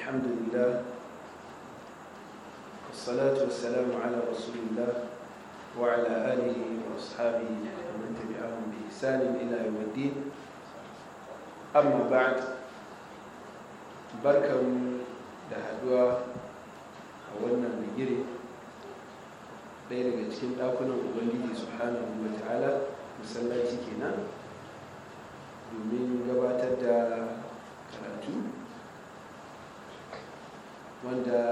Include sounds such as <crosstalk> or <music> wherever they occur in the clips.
الحمد لله والصلاة والسلام على رسول الله وعلى آله وأصحابه ومن تبعهم بإحسان إلى يوم الدين أما بعد بركة دهدوا أولنا بجري بين daga cikin ɗakunan ubangiji subhanahu wa ta'ala masallaci kenan domin gabatar wanda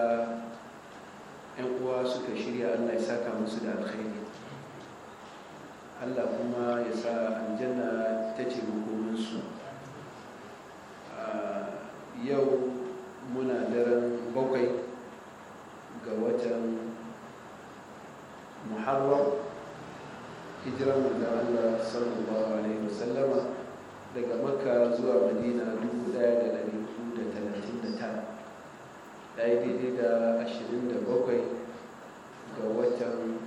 'yan uwa suka shirya allah ya saka musu da alkhairi allah kuma ya sa aljanna ta ce makominsu yau muna daren bakwai ga watan muharram hijiran manzan allah sallallahu alaihi wasallama daga makka zuwa madina 1139 ta yi daidai da bakwai ga watan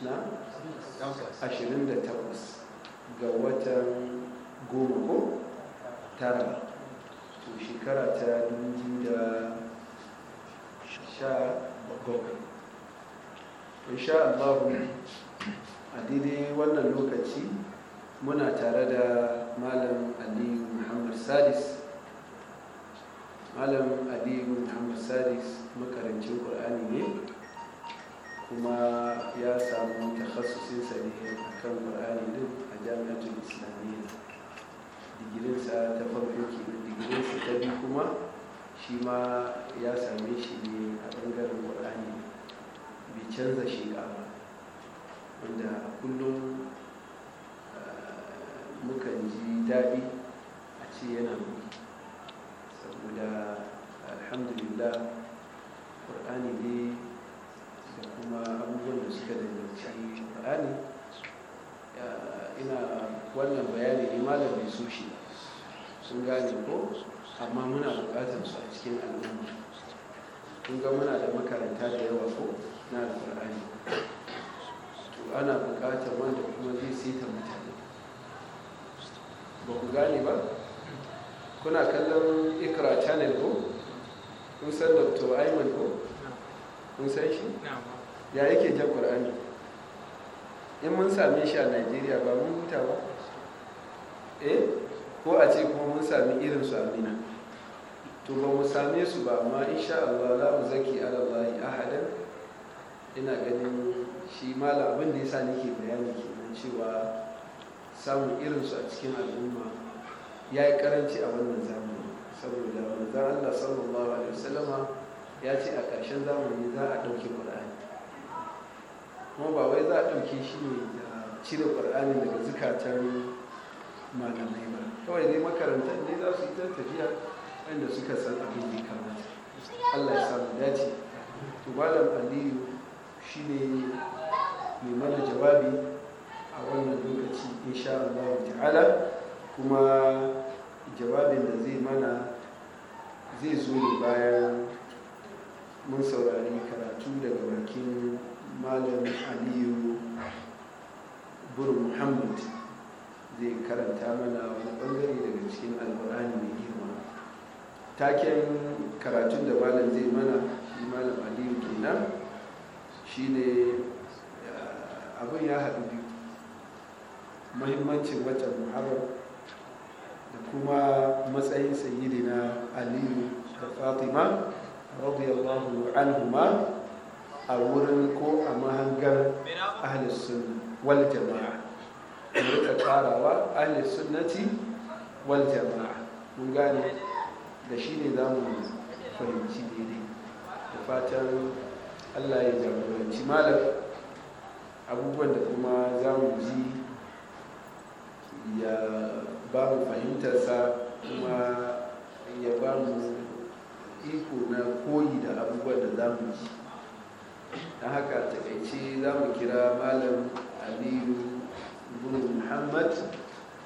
na ashirin da takwas ga watan goma ko tara to shekara ta da sha 2017 insha allahu a daidai wannan lokaci muna tare da malam aliyu muhammad sadis malam adiyu muhammad sadis makarancin qur'ani ne kuma ya samu takhassusinsa ne a kan qur'ani din a jami'atul islamiyya digirinsa ta farko ke digirinsa ta biyu kuma shi ma ya same shi ne a bangaren qur'ani bai canza shi ba wanda kullum eh, mukan ji daɗi a ce yana muke da alhamdulillah ƙur'ani ne da kuma abubuwan da suka danganci ƙur'ani ina wannan bayani ne malamai bai shi sun gane ko amma muna buƙatar su a cikin al'umma kun ga muna da makaranta da yawa ko na alƙur'ani to ana buƙatar wanda kuma zai sita mutane ba ku gane ba kuna kallon ikra channel ko kun san dr aiman ko kun san shi ya yake jan ƙwar'ani in mun same shi a nigeria ba mun huta ba eh ko a ce kuma mun sami irin su amina to ba mu same su ba amma insha Allah la mu zaki Allah ahadan ina ganin shi mala abin da yasa nake bayani kenan cewa samun irin su a cikin al'umma ya yi karanci a wannan zamani saboda manzan allah sallallahu alaihi wasallama ya ce a ƙarshen zamani za a ɗauki ƙur'ani kuma ba wai za a ɗauki shi ne da cire ƙur'ani daga zukatar malamai ba kawai dai makaranta ne za su yi ta tafiya wanda suka san abin da kamata allah ya samu dace to malam aliyu shi ne mai mana jawabi a wannan lokaci insha allah ta'ala kuma jawabin da zai mana zai zo ne bayan mun saurari karatu daga bakin malam aliyu burin muhammad zai karanta mana wani bangare daga cikin alburani mai girma taken karatun da malam zai mana shi malam aliyu kenan shine eh, abin ya haɗu biyu mahimmancin watan muhammad. da kuma matsayin sayyidina aliyu da fatima radiyallahu anhuma a wurin ko a mahangar ahlus wal jama'a rika karawa ahlus nati wal jama'a mun gane da shi ne za mu fahimci daidai da fatan allah ya jagoranci malam abubuwan da kuma za mu ji ya ba mu fahimtarsa kuma ya ba mu iko na koyi da abubuwan da za mu yi na haka takaice za mu kira malam aliyu bin muhammad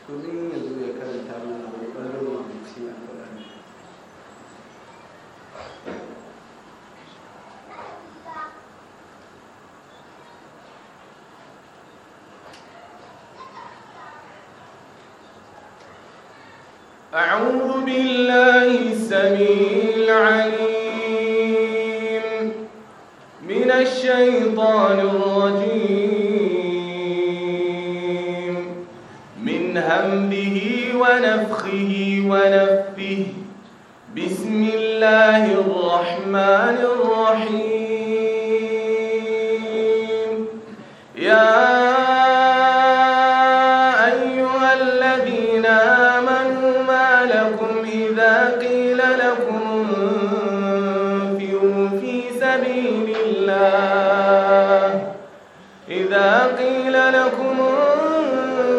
domin ya zo ya karanta mana wani ɓangaren cikin alƙur'ani بالله السميع العليم من الشيطان الرجيم من ونفخه ونفه بسم الله الرحمن الرحيم لكم انفروا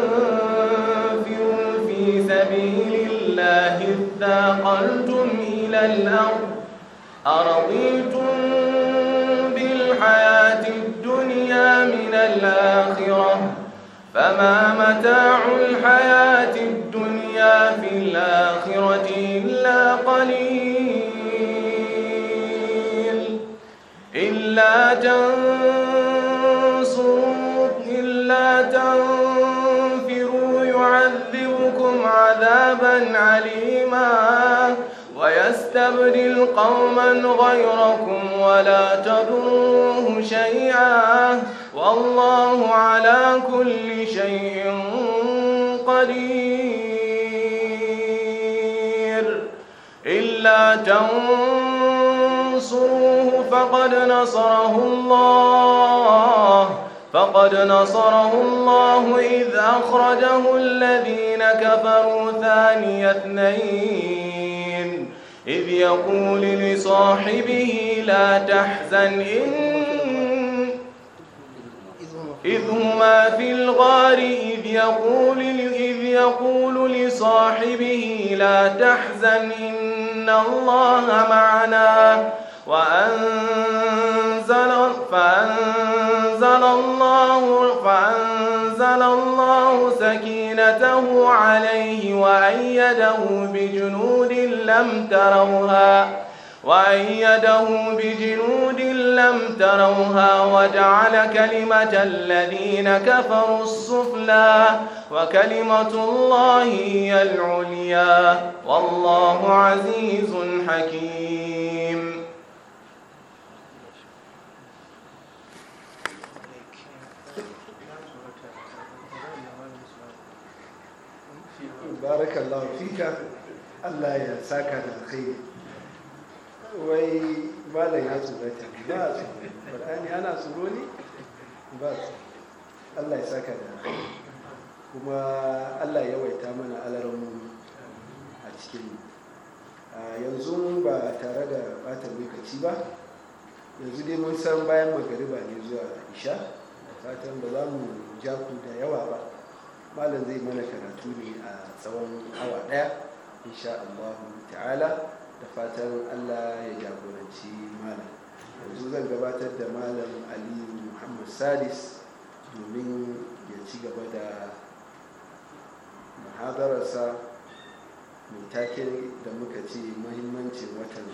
في سبيل الله اثاقلتم إلى الأرض أرضيتم بالحياة الدنيا من الآخرة فما متاع الحياة الدنيا في الآخرة إلا قليل إلا تنفروا يعذبكم عذابا عليما ويستبدل قوما غيركم ولا تضروه شيئا والله على كل شيء قدير إلا تنصروه فقد نصره الله فقد نصره الله إذ أخرجه الذين كفروا ثاني اثنين إذ يقول لصاحبه لا تحزن إن إذ هما في الغار إذ يقول, إذ يقول لصاحبه لا تحزن إن الله معنا وأنزل فأنزل الله فأنزل الله سكينته عليه وأيده بجنود لم تروها وأيده بجنود لم تروها وجعل كلمة الذين كفروا السفلى وكلمة الله هي العليا والله عزيز حكيم barakallahu fika Allah ya saka da kai wai malam ya tsorata ba su Qur'ani ana tsoro ne ba su Allah ya saka da kai kuma Allah ya waita mana alarmu a cikin yanzu ba tare da bata lokaci ba yanzu dai mun san bayan magariba ne zuwa isha fatan ba za mu ja ku da yawa ba malam zai mana karatu ne a tsawon awa daya insha Allah ta'ala da fatan Allah ya jagoranci malam yanzu zan gabatar da malam Ali Muhammad Sadis domin ya ci gaba da muhadararsa mai take da muka ce mahimmancin watan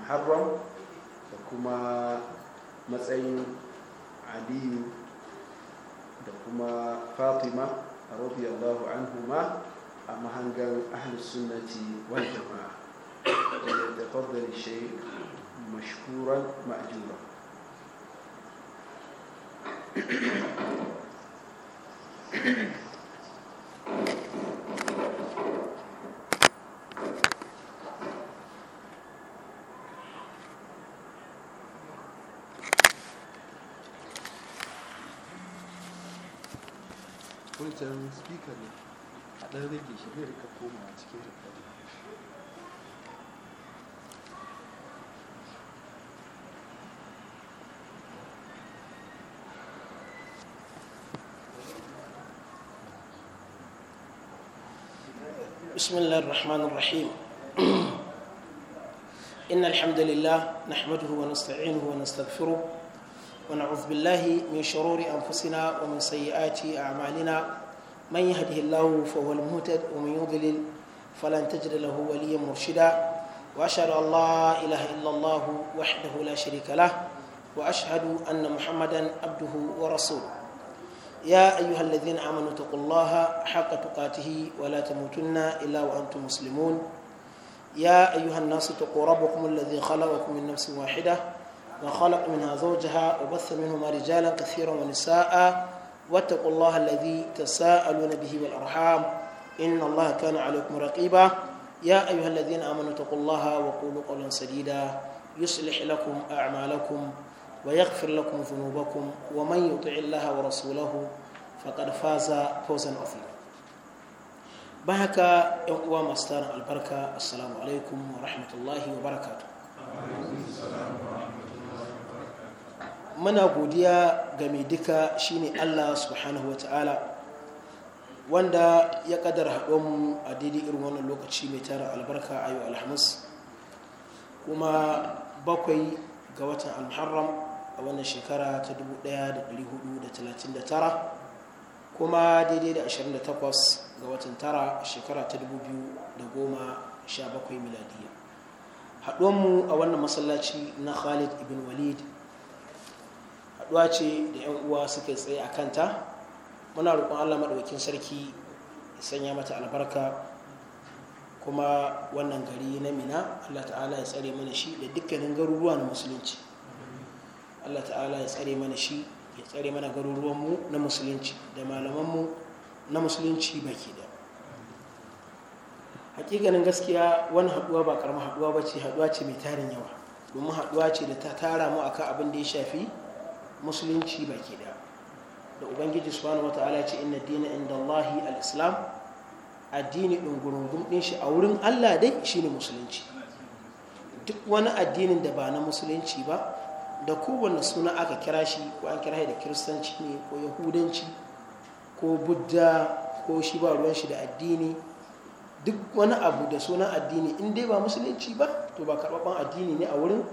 muharram da kuma matsayin aliyu دكما فاطمة رضي الله عنهما أما هنقال أهل السنة والجماعة تفضل الشيء مشكورا مأجورا Thank you. <coughs> wancan speaker ne a ɗan rage shi zai rika komawa cikin rikodin بسم الله الرحمن الرحيم إن الحمد لله نحمده ونستعينه ونستغفره ونعوذ بالله من شرور أنفسنا ومن سيئات أعمالنا من يهده الله فهو المهتد ومن يضلل فلن تجد له وليا مرشدا وأشهد أن لا إله إلا الله وحده لا شريك له وأشهد أن محمدا عبده ورسوله يا أيها الذين آمنوا اتقوا الله حق تقاته ولا تموتن إلا وأنتم مسلمون يا أيها الناس اتقوا ربكم الذي خلقكم من نفس واحدة وخلق منها زوجها وبث منهما رجالا كثيرا ونساء واتقوا الله الذي تساءلون به والأرحام إن الله كان عليكم رقيبا يا أيها الذين آمنوا اتقوا الله وقولوا قولا سديدا يصلح لكم أعمالكم ويغفر لكم ذنوبكم ومن يطع الله ورسوله فقد فاز فوزا عظيما بهك يوم مستر البركة السلام عليكم ورحمة الله وبركاته. muna godiya ga mai duka shine Allah subhanahu wa ta'ala wanda ya kadar haɗon a daidai irin wannan lokaci mai tara albarka ayo alhamis kuma bakwai ga watan alharram a wannan shekara ta 1439 kuma daidai da 28 ga watan tara shekara ta 2017 miladiya haɗonmu a wannan masallaci na khalid ibn walid haɗuwa ce da 'yan uwa suka tsaye a kanta muna roƙon allah maɗaukin sarki ya sanya mata albarka kuma wannan gari na mina allah ta'ala ya tsare mana shi da dukkanin garuruwa na musulunci allah ta'ala ya tsare mana shi ya tsare mana garuruwanmu na musulunci da malamanmu na musulunci ba ke da hakikanin gaskiya wani haɗuwa ba ƙarama haɗuwa ba ce haɗuwa ce mai tarin yawa domin haɗuwa ce da ta tara mu akan abin da ya shafi musulunci baki ke da ubangiji subhanahu wataala ya ce inna dina inda allahi al-islam addini ɗungurungun ɗin shi a wurin allah dai shine musulunci duk wani addinin da ba na musulunci ba da kowane suna aka kira shi ko an kira da kiristanci ne ko yahudanci ko budda ko shi ba ruwan shi da addini duk wani abu da sunan addini in dai ba musulunci ba to ba karɓaɓɓen addini ne a wurin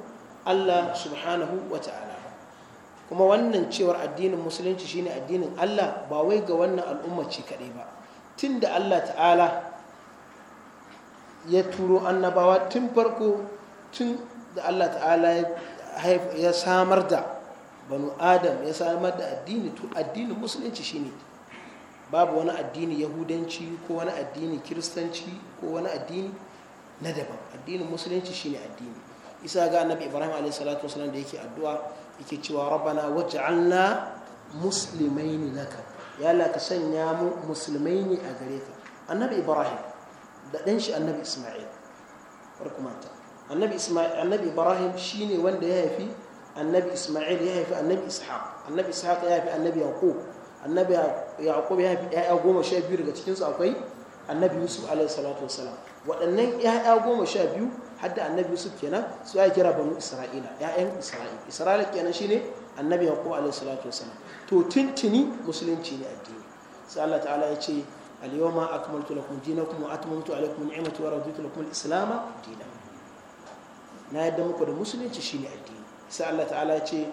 allah subhanahu wa ta'ala kuma wannan cewar addinin musulunci shine addinin Allah ba wai ga wannan al'umma ce kaɗai ba tun da Allah ta'ala ya turo annabawa tun farko tun da Allah ta'ala ya samar da banu adam ya samar da addini to addinin musulunci shine babu wani addini yahudanci ko wani addini kiristanci ko wani addini na daban addinin musulunci shine addini isa ga annabi ibrahim alaihi salatu wasallam da yake addu'a yake cewa rabana waj'alna muslimaini laka ya la ka sanya mu musulmaini a gare ka annabi ibrahim da ɗan shi annabi isma'il barkumanta annabi isma'il annabi ibrahim shine wanda ya haifi annabi isma'il ya haifi annabi ishaq annabi ishaq ya haifi annabi yaqub annabi yaqub ya haifi ya'ya goma sha biyu daga cikinsu akwai annabi yusuf alaihi salatu wasalam waɗannan ya'ya goma sha biyu hadda annabi yusuf kenan su ake kira banu isra'ila ya'yan isra'ila isra'ila kenan shine annabi yaqub alaihi salatu wasalam to tuntuni musulunci ne addini sai Allah ta'ala ya ce al akmaltu lakum dinakum wa atmamtu alaykum ni'mati wa raditu lakum al-islam dinan na yadda muku da musulunci shine addini sai Allah ta'ala ya ce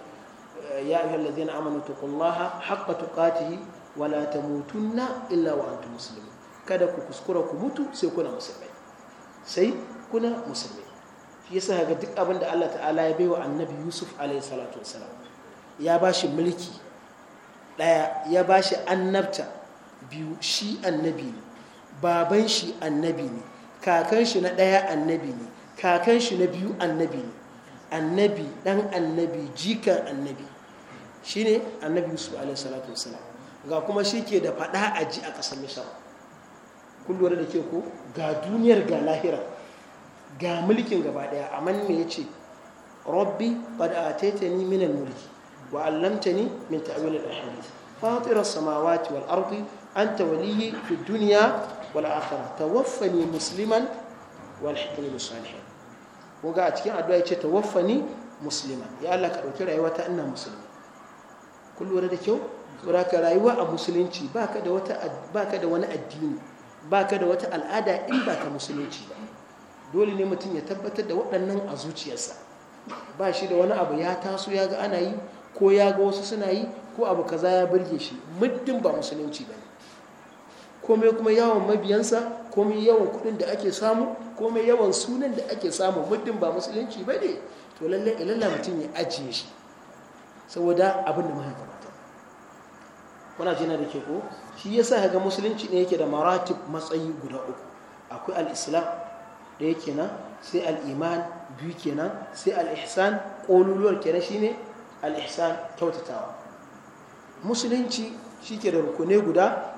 ya ayyuhallazina amanu taqullaha haqqa tuqatihi wala tamutunna illa wa antum muslimun kada ku kuskura ku mutu sai kuna musulmai sai kuna musulmi shi yasa ga duk abin da Allah ta'ala ya wa annabi Yusuf alayhi salatu wasalam ya ba shi mulki daya ya ba shi annabta biyu shi annabi ne baban shi annabi ne kakan shi na daya annabi ne kakan shi na biyu annabi ne annabi dan annabi jikan annabi shine annabi Yusuf alayhi salatu wasalam ga kuma shi ke da fada ji a kasar Misra kun da ke ko ga duniyar ga lahira ga mulkin gaba daya amma me yace rabbi qad ataitani min al-mulki wa 'allamtani min ta'wil al-ahadith fatir as-samawati wal ardi anta waliyyi fid dunya wal akhirah tawaffani musliman wal hikmi bis salihin ko ga a cikin addu'a yace tawaffani musliman ya Allah ka dauki rayuwata ina musulmi kun lura da kyau ka rayuwa a musulunci baka da wata baka da wani addini baka da wata al'ada in ba ta musulunci ba dole ne mutum ya tabbatar da waɗannan a zuciyarsa ba shi da wani abu ya taso ya ga ana yi ko ya ga wasu suna yi ko abu kaza ya birge shi muddin ba musulunci ba ne komai kuma yawan mabiyansa komai yawan kuɗin da ake samu komai yawan sunan da ake samu muddin ba musulunci ba ne to lalle ilalla eh, mutum ya ajiye shi saboda abin da mahaifa mata kuna jina da ke ko shi yasa ga musulunci ne yake da maratib matsayi guda uku akwai al-islam ɗaya kenan sai al'iman biyu kenan sai al'ihsan ƙoluluwar kenan shine al'ihsan kyautatawa musulunci shi ke da rukunai guda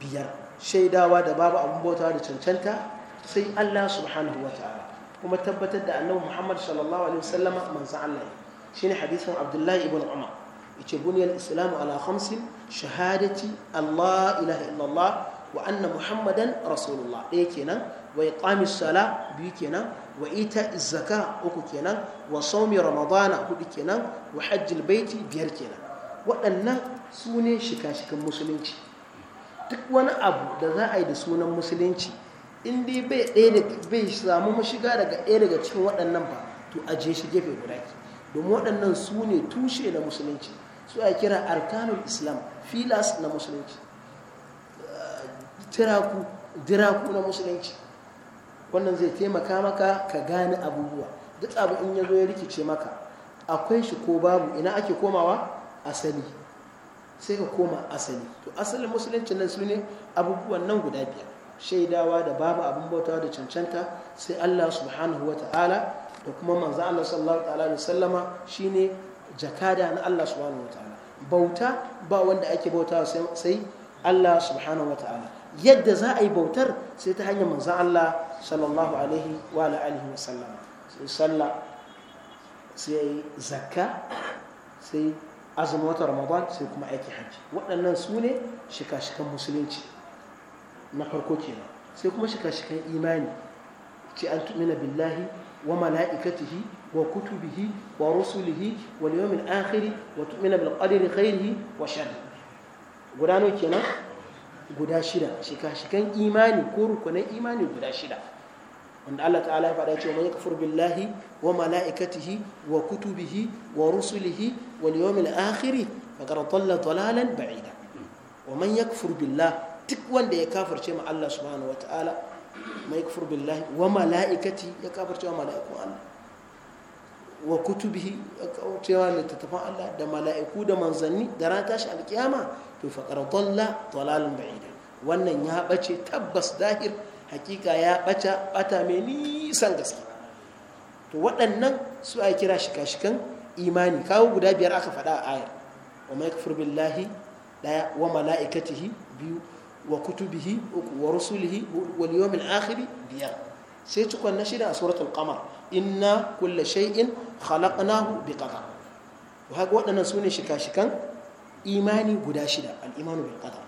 biyar shaidawa da babu abin bauta da cancanta sai allah subhanahu wa ta'ala kuma tabbatar da annabi muhammad sallallahu alaihi wasallama manzan allah shine hadisin abdullahi ibn umar yace buniyal islamu ala khamsin shahadati allah ilaha illallah wa anna muhammadan rasulullah ɗaya kenan wa iqami sala biyu kenan wa ita zaka uku kenan wa saumi ramadana hudu kenan wa hajjil baiti biyar kenan waɗannan su ne shika-shikan musulunci duk wani abu da za a yi da sunan musulunci in dai bai bai samu mashiga daga ɗaya daga cikin waɗannan ba to ajiye shi gefe guda ke domin waɗannan su ne tushe na musulunci su a kira arkanul islam filas na musulunci tiraku diraku na musulunci wannan zai taimaka maka ka gane abubuwa duk abu in ya zo ya rikice maka akwai shi ko babu ina ake komawa asali sai ka koma asali to asalin musulunci nan sune abubuwan nan guda biyar shaidawa da babu abin bautawa da cancanta sai Allah subhanahu wa ta'ala da kuma manzo Allah sallallahu alaihi wasallama shine jakada na Allah subhanahu wa ta'ala bauta ba wanda ake bautawa sai Allah subhanahu wa ta'ala yadda za a yi bautar sai ta hanyar manzan Allah sallallahu alaihi wa alaihi wa sallam sai sallah sai zakka sai azumin watan ramadan sai kuma aiki hajji waɗannan su ne shika-shikan musulunci na farko kenan sai kuma shika-shikan imani ce an tumina billahi wa mala'ikatihi وكتبه ورسله واليوم الآخر وتؤمن بالقدر wa وشره قرآن kenan guda shida shika-shikan imani ko rukunan imani guda shida wanda Allah ta'ala ya faɗa cewa man kafar billahi wa mala'ikatihi wa kutubihi wa rusulihi wal yawmil akhir faqad dhalla dhalalan ba'ida wa man yakfur billah duk wanda ya kafar ce ma Allah subhanahu wa ta'ala man yakfur billahi wa mala'ikati ya kafar ce wa mala'ikun Allah wa kutubihi cewa littattafan Allah da mala'iku da manzanni da ran tashi alkiyama to faqara dalla ba'ida wannan ya bace tabbas dahir hakika ya bata bata mai nisan gaske to waɗannan su a kira shika-shikan imani kawo guda biyar aka faɗa a ayar wa mai kafir billahi ɗaya wa mala'ikatihi biyu wa kutubihi uku wa rusulihi wal yawmil biyar sai cikon na shida a suratul qamar inna kulle shay'in khalaqnahu bi qadar to haka waɗannan sune shika-shikan imani guda shida al-imanu bil qadar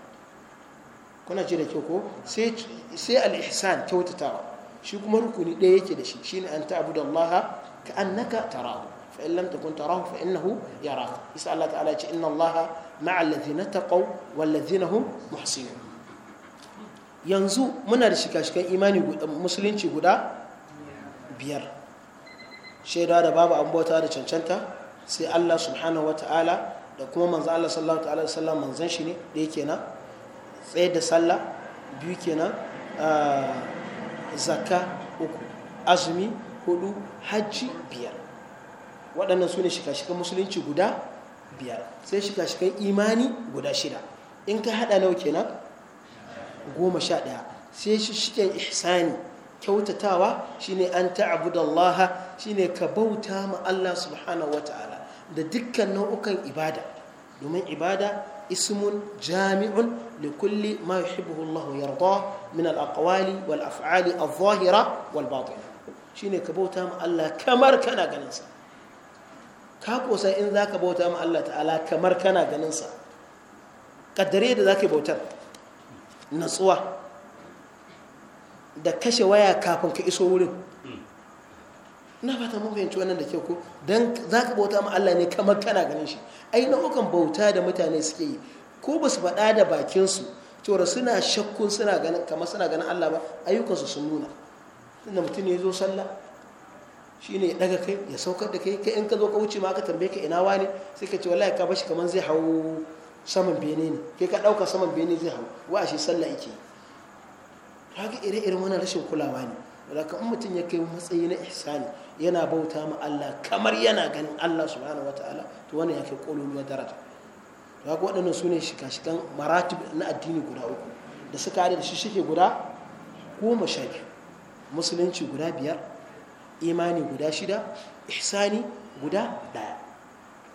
kuna ji da kyau ko sai sai al-ihsan kyautatawa shi kuma rukuni ɗaya yake da shi shine an ta'budallaha ka annaka tarahu fa in lam takun tarahu fa innahu yaraka isa Allah ta'ala ya ce inna Allaha ma'a alladhina taqaw wal ladhina hum muhsinun yanzu muna da shika-shikan imani musulunci guda biyar shaida da babu an bauta da cancanta sai Allah subhanahu wata'ala da kuma manzan Allah sallallahu ta'ala da sallallahu manzan shi ne da yake na tsaye da sallah biyu kenan zaka uku azumi hudu hajji biyar waɗannan su ne shika-shikan musulunci guda biyar sai shika-shikan imani guda shida in ka haɗa nau kenan goma sha ɗaya sai shi shiken ihsani kyautatawa shine an ta'abudallaha shine ka bauta ma Allah subhanahu ta'ala da dukkan nau'ukan ibada domin ibada ismun jami'un li kulli ma yuhibbuhu Allah yarda min al-aqwali wal af'ali adh-dhahira wal batina shine ka bauta ma Allah kamar kana ganin sa ka kosa in zaka bauta ma Allah ta'ala kamar kana ganin sa kaddare da zaka bautar natsuwa da kashe waya kafin ka iso wurin ina fata mun fahimci wannan da kyau ko dan ka bauta ma Allah ne kamar kana ganin shi ai nau'ukan bauta da mutane suke yi ko ba su faɗa da bakin su cewa suna shakkun suna ganin kamar suna ganin Allah ba ayyukansu sun nuna tunda mutum ya zo sallah shine ya daga kai ya saukar da kai kai in ka zo ka wuce ma aka tambaye ka ina wani sai ka ce wallahi ka bashi kamar zai hau saman bene ne kai ka dauka saman bene zai hau wa shi sallah yake kaga ire-iren wannan rashin kulawa ne wadaka in mutum ya kai matsayi na ihsani yana bauta ma Allah kamar yana ganin Allah subhanahu wataala to wannan ya kai kololuwar daraja to haka waɗannan su ne shika-shikan maratib na addini guda uku da suka haɗe da shi guda goma sha biyu musulunci guda biyar imani guda shida ihsani guda ɗaya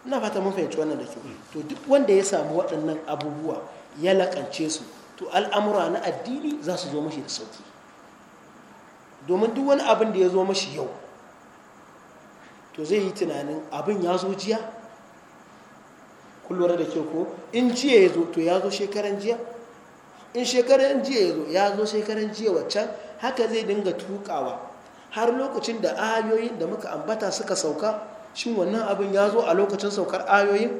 ina fata mun fahimci wannan da ke to duk wanda ya samu waɗannan abubuwa ya laƙance su to al'amura na addini za su zo mashi da sauki domin duk wani abin da ya zo mashi yau to zai yi tunanin abin ya zo jiya kullum da ke ko in jiya ya zo to ya zo shekaran jiya in shekaran jiya ya zo ya zo shekaran jiya waccan haka zai dinga tukawa har lokacin da ayoyin da muka ambata suka sauka shin wannan abin ya zo a lokacin saukar ayoyin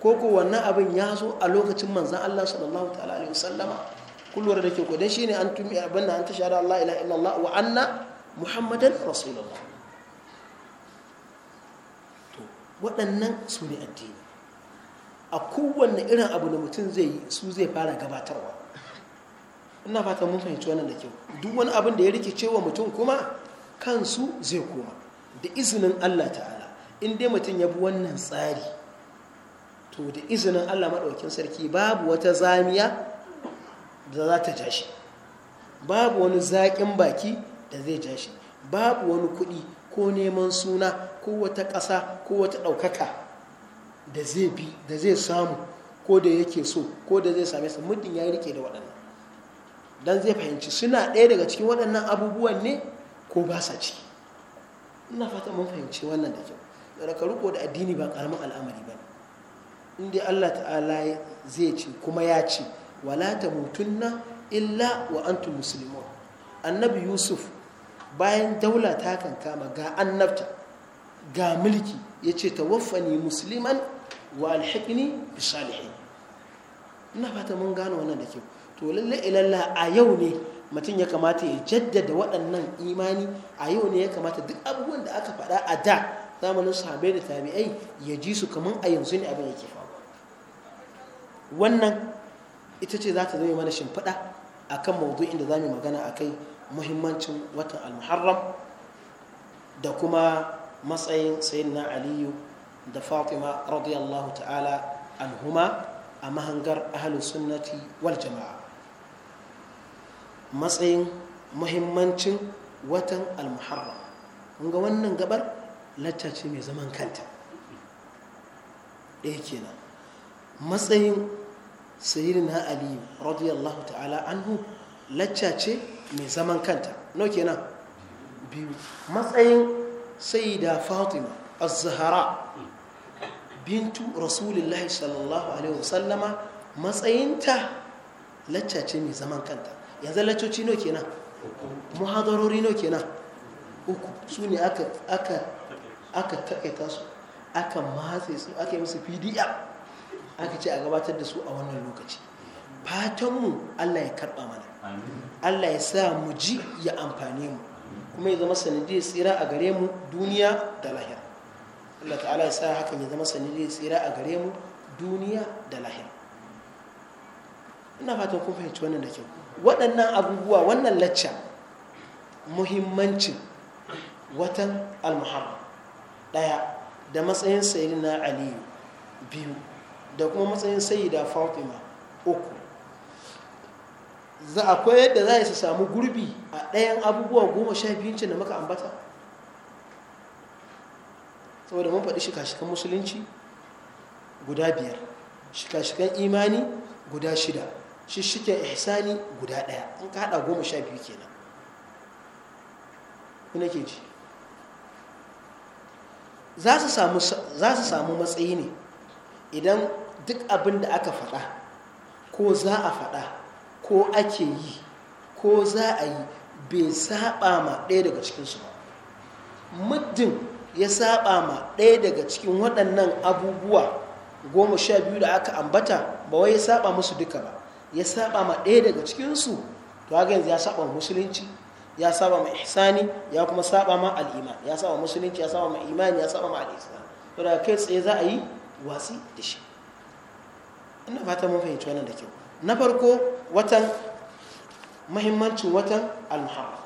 ko ko wannan abin ya zo a lokacin manzan Allah sallallahu ta'ala alaihi wasallama kullum da ke kudin ne an tumi abin da an ta shahada Allah ila illallah wa anna muhammadan rasulullah to waɗannan su ne addini a kowanne irin abu da mutum zai yi su zai fara gabatarwa ina fata mun fahimci wannan da kyau duk wani abin da ya rikice wa mutum kuma kansu zai koma da izinin Allah ta'ala in dai mutum ya bi wannan tsari to da izinin Allah maɗaukin sarki babu wata zamiya da za ta ja babu wani zaƙin baki da zai ja shi babu wani kuɗi ko neman suna ko wata ƙasa ko wata ɗaukaka da zai bi da zai samu ko da yake so ko da zai same su muddin ya rike da waɗannan don zai fahimci suna ɗaya daga cikin waɗannan abubuwan ne ko ba sa ciki ina fata mun fahimci wannan da kyau da ka riko da addini ba ƙaramin al'amari ba ne inda Allah ta'ala zai ce kuma ya ce wala tamutunna illa wa antum muslimun annabi yusuf bayan daula ta kankama ga annabta ga mulki ya ce waffani musliman wa alhaƙini bi salihin ina fata mun gano wannan da kyau to lalle ilalla a yau ne mutum ya kamata ya jaddada waɗannan imani a yau ne ya kamata duk abubuwan da aka faɗa a da zamanin sahabai da tabi'ai ya ji su kamar a yanzu ne abin yake faru wannan ita ce za ta zama mana shimfiɗa a kan da za mu magana a kai muhimmancin watan almuharram da kuma matsayin na aliyu da fatima radiyallahu ta'ala alhuma a mahangar ahalus sunnati wal jama'a matsayin muhimmancin watan almuharram muharram ga wannan gabar lantarki mai zaman kanta ɗaya kenan matsayin sayyidina ali radiyallahu ta'ala anhu lacca ce mai zaman kanta nau kenan biyu matsayin sayyida fatima az Zahra. bintu rasulullahi sallallahu alaihi wasallama matsayinta lacca ce mai zaman kanta yanzu laccoci nau kenan muhadarori nau kenan uku su ne aka aka aka su aka matse su aka yi musu pdf aka ce a gabatar da su a wannan lokaci fatanmu allah ya karɓa mana allah ya sa mu ji ya amfani mu kuma ya zama sanadiyar tsira a gare mu duniya da lahira allah ta'ala ya sa hakan ya zama sanadiyar tsira a gare mu duniya da lahira ina fatan kun fahimci wannan da kyau waɗannan abubuwa wannan lacca muhimmancin watan almuharram ɗaya da matsayin sayyidina na biyu da kuma matsayin sayyida fatima uku za akwai yadda za su samu gurbi a ɗayan abubuwa goma sha biyun da maka ambata saboda mun faɗi shika-shikan musulunci guda biyar shika-shikan imani guda shida shishikin ihsani guda ɗaya in ka haɗa goma sha biyu kenan kuna ke ji za su samu matsayi ne idan duk abin da aka faɗa ko za a faɗa ko ake yi ko za a yi bai saba ma ɗaya daga cikinsu ba muddin ya saba ma ɗaya daga cikin waɗannan abubuwa goma sha biyu da aka ambata ba wai ya saba musu duka ba ya saba ma ɗaya daga cikinsu to haka yanzu ya saba musulunci ya saba ma ihsani ya kuma saba ma al'iman ya saba musulunci ya saba ma imani ya saba ma al'islam to da kai tsaye za a yi watsi da shi ina fata mun fahimci wannan da kyau na farko watan muhimmancin watan al-muharram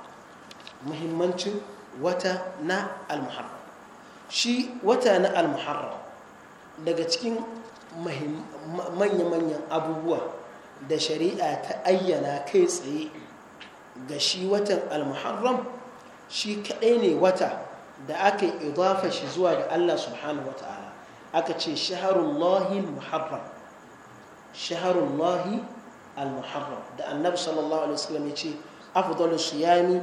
muhimmancin wata na al shi wata na al daga cikin manya-manyan abubuwa da shari'a ta ayyana kai tsaye ga shi watan almuharram shi kaɗai ne wata da aka yi shi zuwa ga Allah subhanahu wa ta'ala aka ce shaharullahi muharram shaharullahi al-muharram da annabi sallallahu alaihi wasallam ya ce afdalu siyami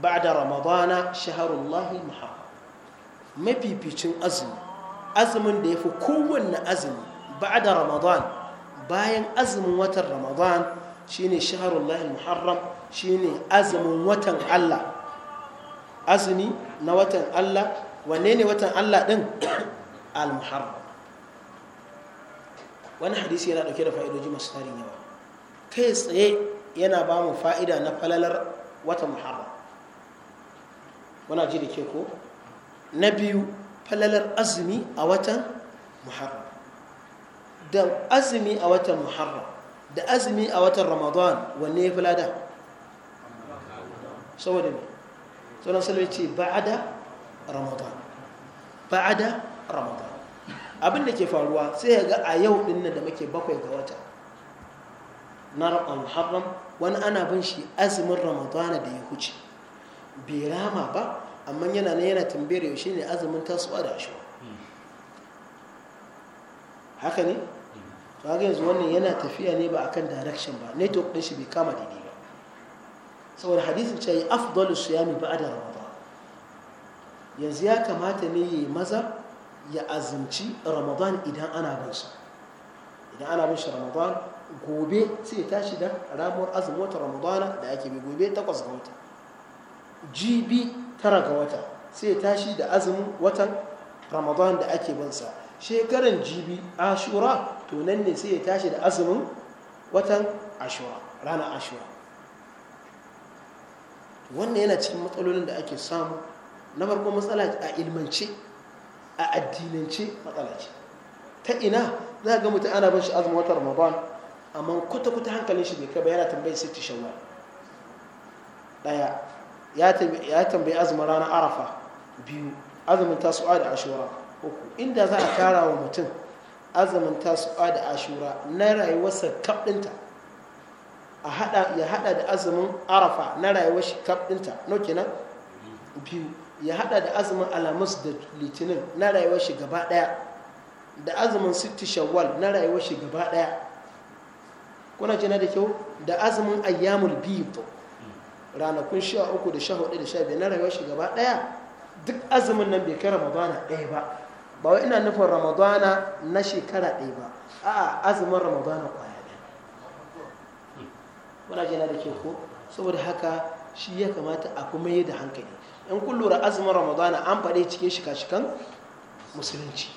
ba'da ramadana shaharullahi muharram mafificin azumi azumin da yafi kowanne azumi ba'da ramadan bayan azumin watan ramadan shine shaharullahi al-muharram shine azumin watan Allah azumi na watan Allah wanne ne watan Allah din <coughs> al-muharram wani hadisi yana dauke da fa'idoji masu tarin yawa kai tsaye yana ba mu fa'ida na falalar wata muharram wana ji da ke ko na biyu falalar azumi a watan muharram da azumi a watan muharram da azumi a watan ramadan wanne ya fulada saboda ne sauran salwai ce ba'ada ramadan ba'ada ramadan abin da ke faruwa sai ya ga a yau din da muke bakwai ga wata na al-haram wani ana bin shi azumin ramadana da ya huce bai rama ba amma yana na yana tambayar yaushe ne azumin tasowa da shi haka ne to ga yanzu wannan yana tafiya ne ba kan direction ba network din shi bai kama daidai ba saboda hadisin ce ya afdalu da ba'da ramadan yanzu ya kamata ne yi maza ya azumci ramadan idan ana bin shi idan ana bin shi ramadan gobe sai ya tashi da ramuwar azumin wata ramadana da ake bi gobe takwas ga wata gb tara ga wata sai ya tashi da azumin watan ramadan da ake bin sa, shekaran jibi ashura to nan ne sai ya tashi da azumin watan ashura ranar ashura wannan yana cikin matsalolin da ake samu na farko matsala a ilmance a addinance matsala ce ta ina za ga mutum ana bin shi azumin watan ramadan amma kuta kuta hankalin shi bai kai ba yana tambayi sai ta shawar ɗaya ya tambayi azumin ranar arafa biyu azumin tasu'a da ashura uku inda za a kara wa mutum azumin tasu'a da ashura na rayuwarsa kaɗinta ya haɗa da azumin arafa na rayuwar shi kaɗinta no kenan biyu ya hada da azumin alamus da litinin na rayuwar shi gaba daya da azumin sitti shawwal na rayuwar shi gaba daya kuna jina da kyau da azumin ayyamul bid ranakun sha uku da sha hudu da sha biyu na rayuwar shi gaba daya duk azumin nan bai kai ramadana ɗaya ba ba wai ina nufin ramadana na shekara ɗaya ba a azumin ramadana kwaya ɗaya kuna jina da kyau ko saboda haka shi ya kamata a kuma yi da hankali in kun lura azumin ramadana an faɗe cikin shika-shikan musulunci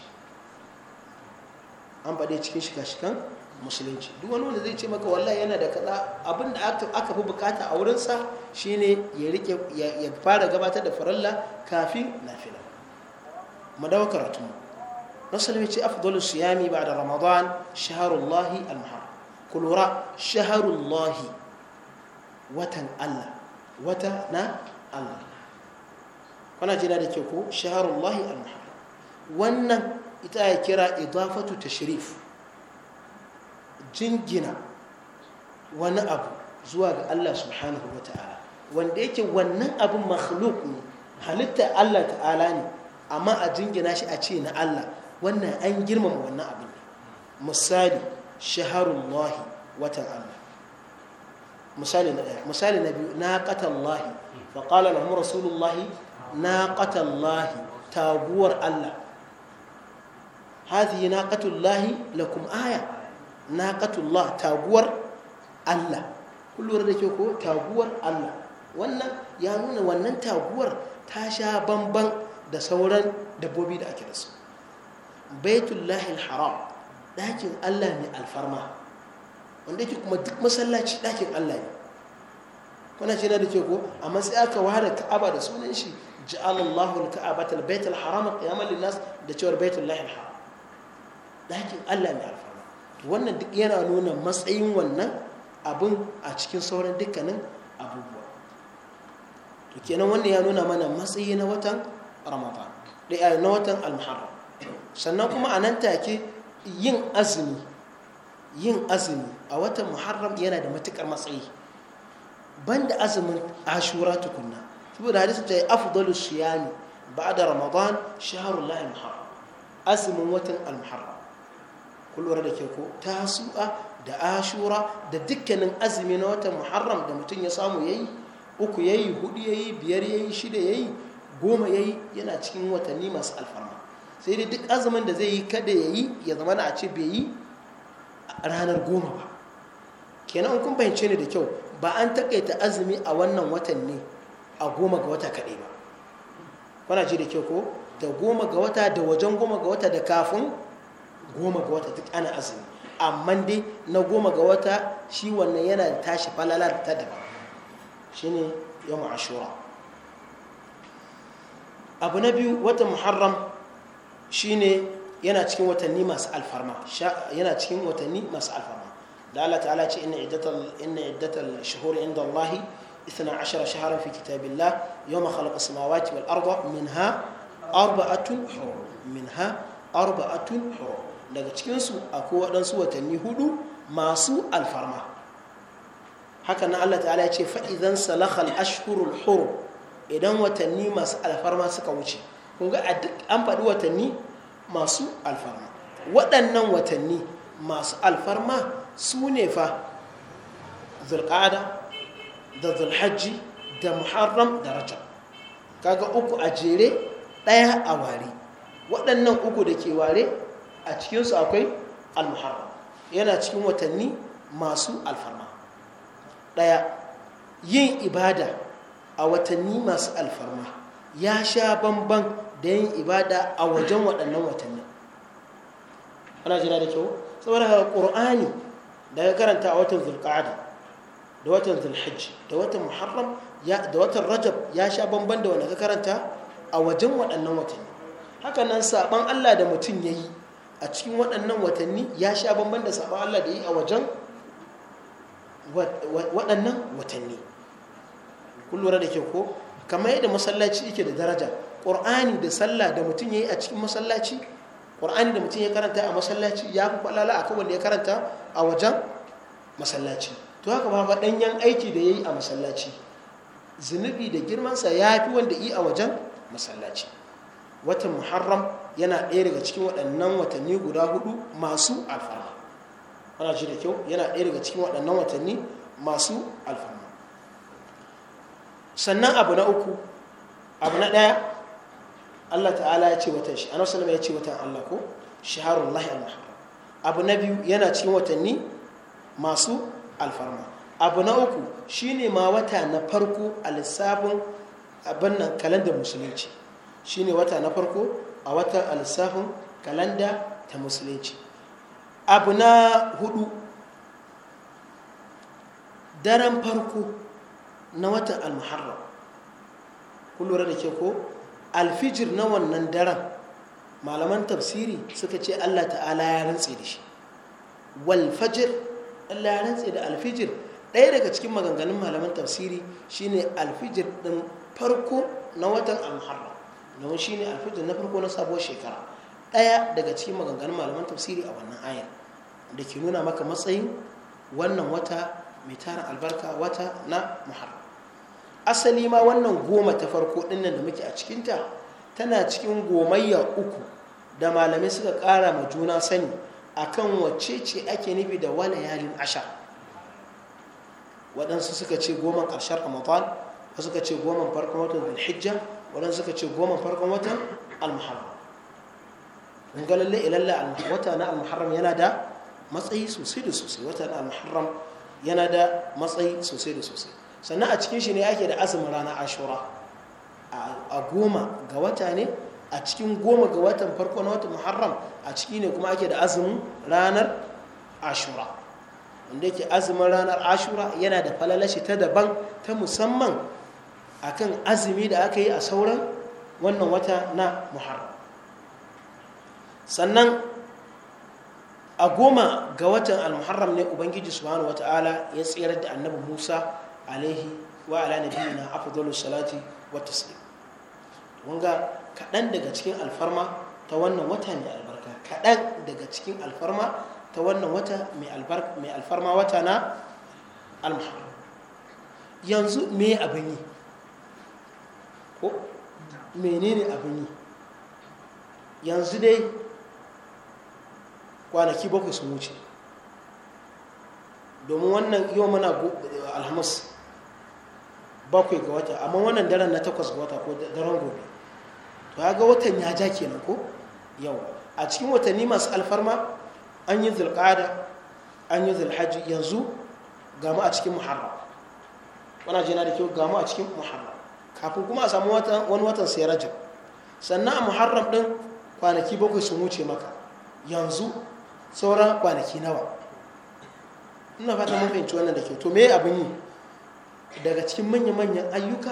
an faɗe cikin shika-shikan musulunci duk wani wanda zai ce maka wallahi yana da kaza abin da aka fi bukata a wurinsa shine ya rike ya fara gabatar da faralla kafin nafila mu dawo karatu na salmi ce afdalu siyami ba da ramadan shaharullahi almuharram ku lura shaharullahi watan allah wata na allah kuna jira da ke ko shaharullahi al-muharram wannan ita ya kira idafatu tashrif jingina wani abu zuwa ga Allah subhanahu wa ta'ala wanda yake wannan abu makhluk ne halitta Allah ta'ala ne amma a jingina shi a ce na Allah wannan an girmama wannan abu ne misali shaharullahi watan Allah misali na ɗaya misali na biyu na qatallahi fa qala lahum rasulullahi Na naqatallahi taguwar Allah lahi naqatullahi lakum aya na naqatullah taguwar Allah kullum da ke ko taguwar Allah wannan ya nuna wannan taguwar ta sha bamban da sauran dabbobi da ake da su baitullahi haram ɗakin Allah ne alfarma wanda yake kuma duk masallaci ɗakin Allah ne kuna ce da ke ko a matsayi aka ware ka'aba da sunan shi ja'alallahu al-ka'abata al-bayt al-haram qiyaman lin-nas da cewar baitullahi al-haram dakin Allah mai alfarma wannan duk yana nuna matsayin wannan abun a cikin sauran dukkanin abubuwa to kenan wannan ya nuna mana matsayi na watan ramadan da na watan al-muharram sannan kuma a nan take yin azumi yin azumi a watan muharram yana da matukar matsayi banda azumin ashura tukunna saboda hadisin ta yi afdalu ba da ramadan shaharun lahi muharram azumin watan al-muharram da ke ko tasu'a da ashura da dukkanin azumi na watan muharram da mutum ya samu ya yi. uku ya yi, hudu ya yi, biyar ya yayi shida yi, goma ya yi. yana cikin watanni masu alfarma sai dai duk azumin da zai yi kada ya yi ya zama na a ce bai yi ranar goma ba kenan kun fahimce ni da kyau ba an takaita azumi a wannan watan ne a goma ga wata kaɗai ba kwana ji da ke ko da goma ga wata da wajen goma ga wata da kafin goma ga wata duk ana azumi amma dai na goma ga wata shi wannan yana da tashi falala da ta daban shine yawon ashura abu na biyu watan muharram shine yana cikin watanni masu alfarma yana cikin watanni masu alfarma da Allah ta'ala ce inna iddatal inna inda Allahi اثنا عشر شهرا في كتاب الله يوم خلق السماوات والأرض منها أربعة حرم منها أربعة حرم daga cikinsu akwai waɗansu watanni hudu masu alfarma haka na Allah ta'ala ya ce fa'idan salakhal ashhurul hurum idan watanni masu alfarma suka wuce kun ga an faɗi watanni masu alfarma waɗannan watanni masu alfarma su ne fa zulƙada da zulhajji da muharram da rajab kaga uku a jere ɗaya a ware waɗannan uku da ke ware a cikinsu akwai almuharram yana cikin watanni masu alfarma ɗaya yin ibada a watanni masu alfarma ya sha bamban da yin ibada a wajen waɗannan watannin ana jira da kyau saboda haka ƙur'ani da ya karanta a watan zulƙa'ada da watan zulhijji da watan muharram da watan rajab ya sha bamban da wanda ka karanta a wajen waɗannan watanni hakanan saban Allah da mutum ya yi a cikin waɗannan watanni ya sha bamban da saban Allah da yi a wajen waɗannan watanni kun da ke ko kamar yadda masallaci yake da daraja ƙur'ani da sallah da mutum ya yi a cikin masallaci ƙur'ani da mutum ya karanta a masallaci ya fi kwalala a kan wanda ya karanta a wajen masallaci to haka ma madanyan aiki da ya yi a masallaci zunubi da girmansa ya fi wanda yi a wajen masallaci watan muharram yana ɗaya daga cikin waɗannan watanni guda hudu masu alfarma ana ji da kyau yana ɗaya daga cikin waɗannan watanni masu alfarma sannan abu na uku abu na ɗaya allah ta'ala ya ce watan shi anasu ya ce watan allah ko shaharun lahi al-muharram abu na biyu yana cikin watanni masu alfarma abu na uku shine ma wata na farko a lissafin abin nan kalandar musulunci shine wata na farko a wata a lissafin kalanda ta musulunci abu na hudu daren farko na watan almuharram kun lura da ke ko alfijir na wannan daren malaman tafsiri suka ce allah ta'ala ya rantse da shi walfajir Allah ya da alfijir ɗaya daga cikin maganganun malaman tafsiri shine alfijir ɗin farko na watan al-muharram domin shine alfijir na farko na sabuwar shekara ɗaya daga cikin maganganun malaman tafsiri a wannan ayar da ke nuna maka matsayin wannan wata mai tarin albarka wata na muharram asali ma wannan goma ta farko ɗinnan da muke a cikinta tana cikin gomayya uku da malamai suka kara ma juna sani akan wacce ce ake nufi da wani yalin ashar waɗansu suka ce goma ƙarshen ramadan wasu suka ce goman farkon watan zulhijja waɗansu suka ce goman farkon watan almuharram don ga lalle ilalla wata na almuharram yana da matsayi sosai da sosai wata na almuharram yana da matsayi sosai da sosai sannan a cikin shi ne ake da azumin rana ashura a goma ga wata ne a cikin goma ga watan farko na watan muharram a ciki ne kuma ake da azumin ranar ashura wanda yake azumin ranar ashura yana da falalashi ta daban ta musamman kan azumi da aka yi a sauran wannan wata na muharram sannan a goma ga watan al-muharram ne ubangiji subhanahu wata'ala ya tsirar da annabi musa alaihi wa ala nabiyina afdalu salati wa taslim wanga kaɗan daga cikin alfarma ta wannan wata mai albarka kaɗan daga cikin alfarma ta wannan wata mai alfarma wata na almuharram yanzu me abin yi ko menene abin yi yanzu dai kwanaki bakwai su wuce domin wannan yau mana alhamis bakwai ga wata amma wannan daren na takwas ga wata ko daren gobe to ya ga watan ya ja kenan ko yau a cikin watanni masu alfarma an yi zulqada an yi zulhaji yanzu gamu a cikin muharram wana jina da kyau gamu a cikin muharram kafin kuma a samu wani watan sai rajab sannan a muharram din kwanaki bakwai sun wuce maka yanzu sauran kwanaki nawa ina fata mun fahimci wannan da kyau to me abin yi daga cikin manya-manyan ayyuka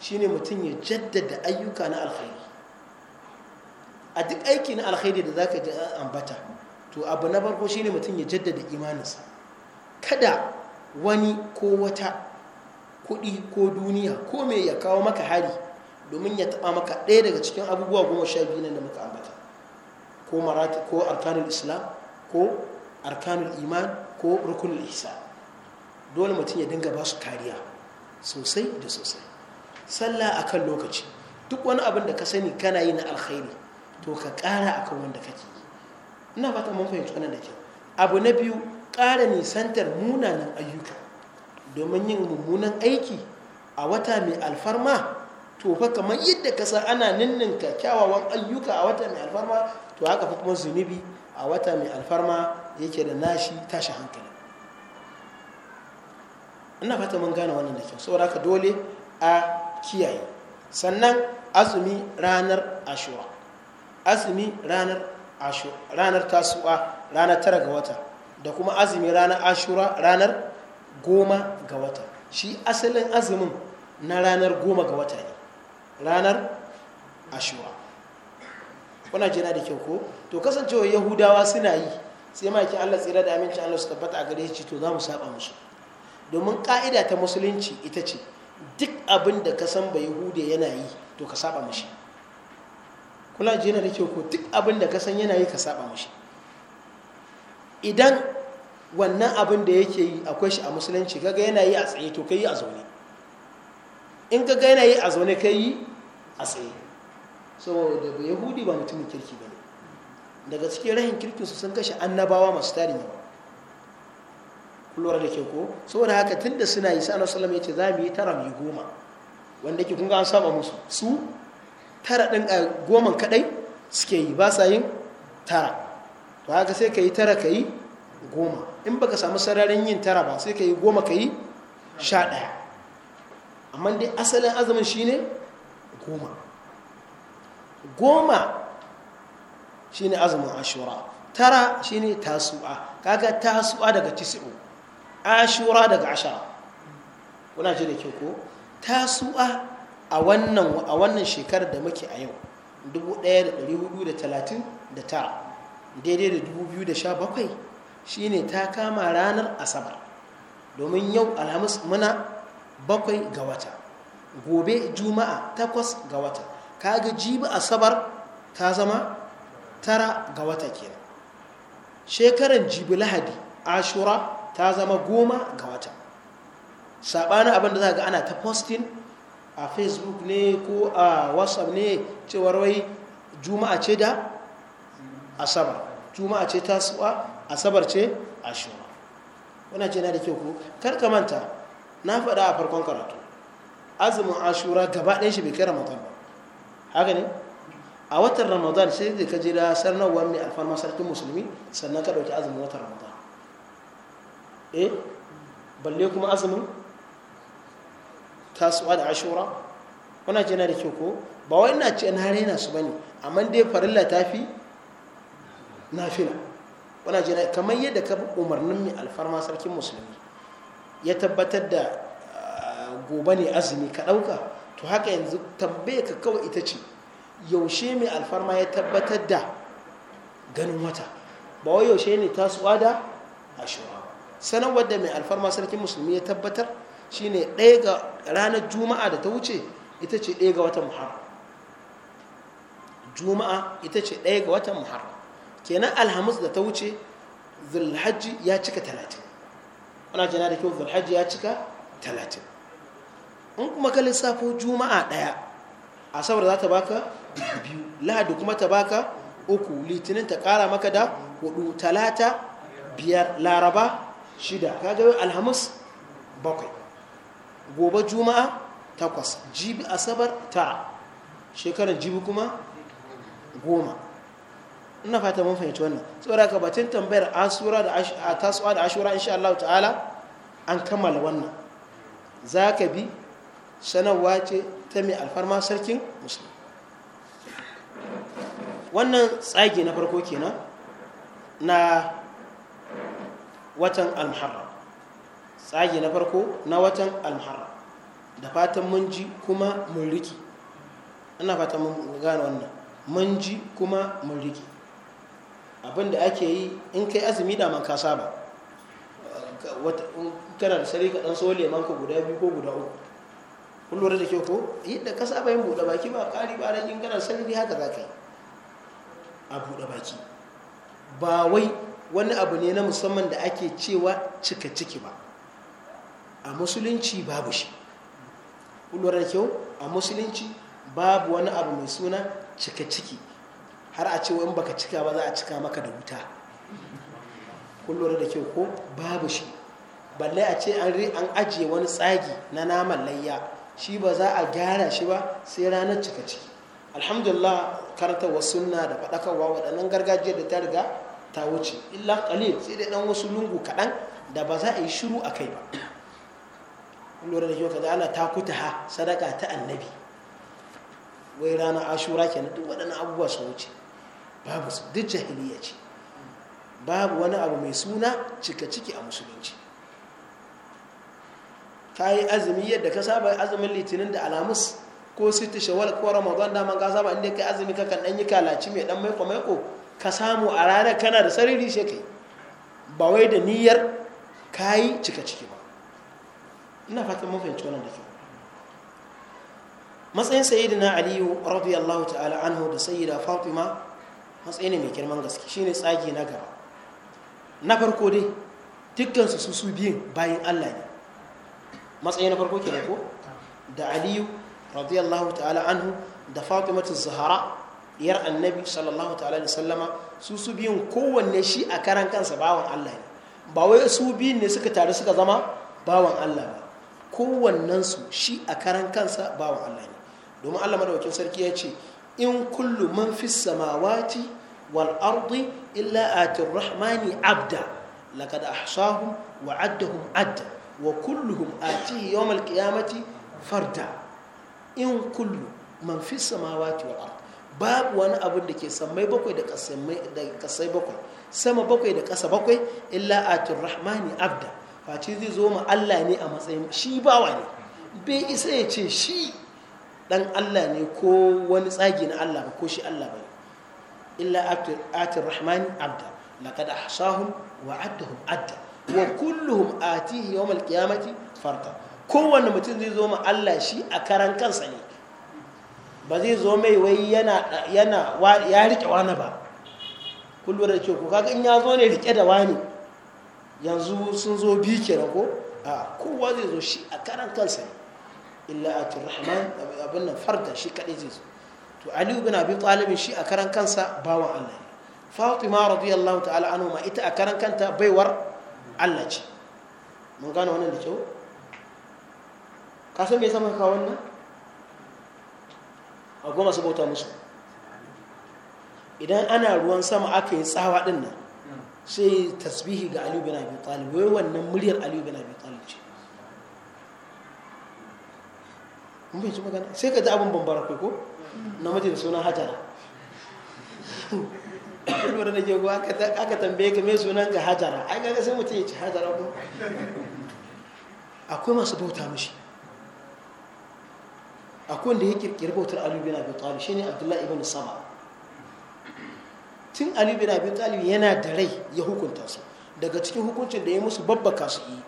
shine mutum ya jaddada ayyuka na alkhairi a duk aiki na alkhairi da zaka ji an ambata to abu na farko shine mutum ya jaddada imaninsa kada wani ko wata kuɗi ko duniya ko me ya kawo maka hari domin ya taɓa maka ɗaya daga cikin abubuwa goma sha biyu nan da muka ambata ko marat ko arkanul islam ko arkanul iman ko rukunul Isa. dole mutum ya dinga ba su kariya sosai da sosai sallah akan lokaci duk wani abin da ka sani kana yi na alkhairi to ka ƙara akan wanda kake ina fata mun fahimci wannan da kyau abu na biyu kara nisantar munanan ayyuka domin yin mummunan aiki a wata mai alfarma to fa kamar yadda ka san ana ninninka kyawawan ayyuka a wata mai alfarma to haka fa kuma zunubi a wata mai alfarma yake da nashi tashi hankali ina fata mun gane wannan da kyau saboda haka dole a kiyaye sannan azumi ranar ashura azumi ranar ranar tasu'a ranar tara ga wata da kuma azumi ranar ashura ranar goma ga wata shi asalin azumin na ranar goma ga wata ne ranar ashura kuna jina da kyau ko to kasancewa yahudawa suna yi sai maki allah tsira da amincin allah su tabbata a gare shi to za mu saba musu domin ka'ida ta musulunci ita ce duk abin da ka san ba yahudiya yana yi to ka saba mashi kula ji yana da kyau ko duk abin da ka san yana yi ka saba mashi idan wannan abin da yake yi akwai shi a musulunci kaga yana yi a tsaye to ka yi a zaune in kaga yana yi a zaune ka yi a tsaye saboda ba yahudi ba mutumin kirki ba ne daga cikin rahin su sun kashe annabawa masu tarin ba kulwar da ke ko saboda haka tun da suna yi sa'anar salama ya ce za mu yi tara mu goma wanda ke kunga an saba musu su tara ɗin a goma kaɗai suke yi ba sa yin tara to haka sai ka yi tara ka yi goma in baka samu sararin yin tara ba sai ka yi goma ka yi sha ɗaya amma dai asalin azumin shi ne goma goma shi ne azumin ashura tara shi ne tasu'a kaga tasu'a daga tisi'u ashura daga ashara kuna ji da ke ko tasu'a a wannan a wannan shekarar da muke a yau 1439 daidai da 2017 shine ta kama ranar asabar domin yau alhamis muna bakwai ga wata gobe juma'a takwas ga wata kaga jibi asabar ta zama tara ga wata kenan Shekarar jibi lahadi ashura ta zama goma ga wata saɓanin abinda da za ga ana ta posting a facebook ne ko a whatsapp ne cewar wai juma'a ce da asabar juma'a ce ta suwa asabar ce ashura wana ce na da kyau ku karka manta na faɗa a farkon karatu azumin ashura gaba ɗaya shi bai kai ramadan ba haka ne a watan ramadan sai da ka jira sarnarwar mai alfarma sarkin musulmi sannan ka ɗauki azumin watan ramadan eh balle kuma azumin tasuwa da ashura kuna jina da kyau ko ba wai ina ce na raina su bane amma dai farilla ta fi na fila. kuna jina kamar yadda ka umarnin mai alfarma sarkin musulmi ya tabbatar da ah, gobe ne azumi ka ɗauka to haka yanzu tambaye ka kawai ita ce yaushe mai alfarma ya tabbatar da ganin wata ba wai yaushe ne tasuwa da ashura sanarwar da mai alfarma sarkin musulmi ya tabbatar shine ɗaya ga ranar juma'a da ta wuce ita ce ɗaya ga watan muharram juma'a ita ce ɗaya ga watan muharram kenan alhamis da ta wuce zulhajji ya cika talatin Wana jana da kyau zulhajji ya cika talatin in kuma ka lissafo juma'a ɗaya asabar za ta baka biyu lahadi kuma ta baka uku litinin ta kara maka da hudu talata biyar laraba shida kaga alhamis bakwai gobe juma'a takwas jibi asabar tara shekarar jibi kuma goma ina fata mun fahimci wannan saboda ka batun tambayar asura da tasuwa da ashura insha Allah ta'ala an kammala wannan za ka bi sanarwa ce ta mai alfarma sarkin musulmi wannan tsage na farko kenan na watan al-muharram tsagi na farko na watan almuharram da fatan mun ji kuma mun riki ana fatan mun gane wannan mun ji kuma mun riki abin da ake yi in kai azumi da man ka saba kana da sarika dan sole man ka guda biyu ko guda uku kun lura da kyau ko yadda ka ba yin buɗe baki ba ƙari ba ranar yin kana sarari haka za ka yi a buɗe baki ba wai wani abu ne na musamman da ake cewa cika ciki ba a musulunci babu shi da kyau a musulunci babu wani abu mai suna cika ciki har a ce in baka cika ba za a cika maka da wuta kun da kyau ko babu shi balle a ce an ajiye wani tsagi na naman layya shi ba za a gyara shi ba sai ranar cika ciki alhamdulillah karta wa sunna da faɗakarwa waɗannan gargajiyar da ta riga ta wuce illa kalil sai dai ɗan wasu lungu kaɗan da ba za a yi shiru a kai ba lura da kyau ta kuta ha sadaka ta annabi wai rana ashura na duk waɗannan abubuwa sun wuce babu su duk jahiliya ce babu wani abu mai suna cika ciki a musulunci ka yi azumi yadda ka saba azumin litinin da alamus ko siti shawar ko ramadan da man ka saba inda kai azumi ka kan yi kalaci mai dan maiko maiko ka samu a ranar kana da sarari shekai. kai ba wai da niyyar ka yi cika ciki ina fatan mun fahimci wannan da kyau matsayin sayyidina aliyu radiyallahu ta'ala anhu da sayyida fatima matsayi ne mai girman gaske shine tsagi na gaba na farko dai dukkansu su su biyan bayan allah ne matsayi na farko kenan ko da aliyu radiyallahu ta'ala anhu da fatimatu zahara yar annabi sallallahu ta'ala da sallama su su biyun kowanne shi a karan kansa bawan allah ne ba wai su biyan ne suka taru suka zama bawan allah ba kowannensu shi a karan kansa bawan Allah ne domin Allah madaukakin sarki ya ce in kullu man fi samawati wal ardi illa atir rahmani abda laqad ahsahum wa addahum adda wa kulluhum atihi yawm al qiyamati farda in kullu man fi samawati wal ardi babu wani abun da ke sammai bakwai da kasai bakwai sama bakwai da kasa bakwai illa atir rahmani abda face zai zo ma Allah ne a matsayin shi bawa ne bai isa ya ce shi dan Allah ne ko wani tsagi na Allah ba ko shi Allah ba illa atir rahmani abda laqad ahsahum wa addahum adda wa kulluhum atihi yawm alqiyamati farta kowanne mutum zai zo ma Allah shi a karan kansa ne ba zai zo mai wai yana ya rike wani ba kullum da ce ko kaga in ya zo ne rike da wani yanzu sun zo bi kenan ko a kowa zai zo shi a karan kansa ne illa atur rahman abin nan farda shi kadai zai zo to ali bin abi talibin shi a karan kansa bawan Allah ne fatima radiyallahu ta'ala anhu ma ita a karan kanta baiwar Allah ce mun gane wannan da kyau ka san me yasa muka kawo wannan akwai su bauta musu idan ana ruwan sama aka yi tsawa din nan sai tasbihi ga aliyu bin abi talib wai wannan muryar aliyu bin abi talib ce mun magana sai ka ji abin bambara kai ko na mutum sunan hajara lura da jego aka tambaye ka mai sunan ka hajara ai ga sai mutum ya ci hajara ko akwai masu bauta mashi akwai wanda ya kirkiri bautar aliyu bin abi talib ne abdullahi ibn saba tun ali bin abin talib yana da rai ya hukunta su daga cikin hukuncin da ya musu babbaka su yi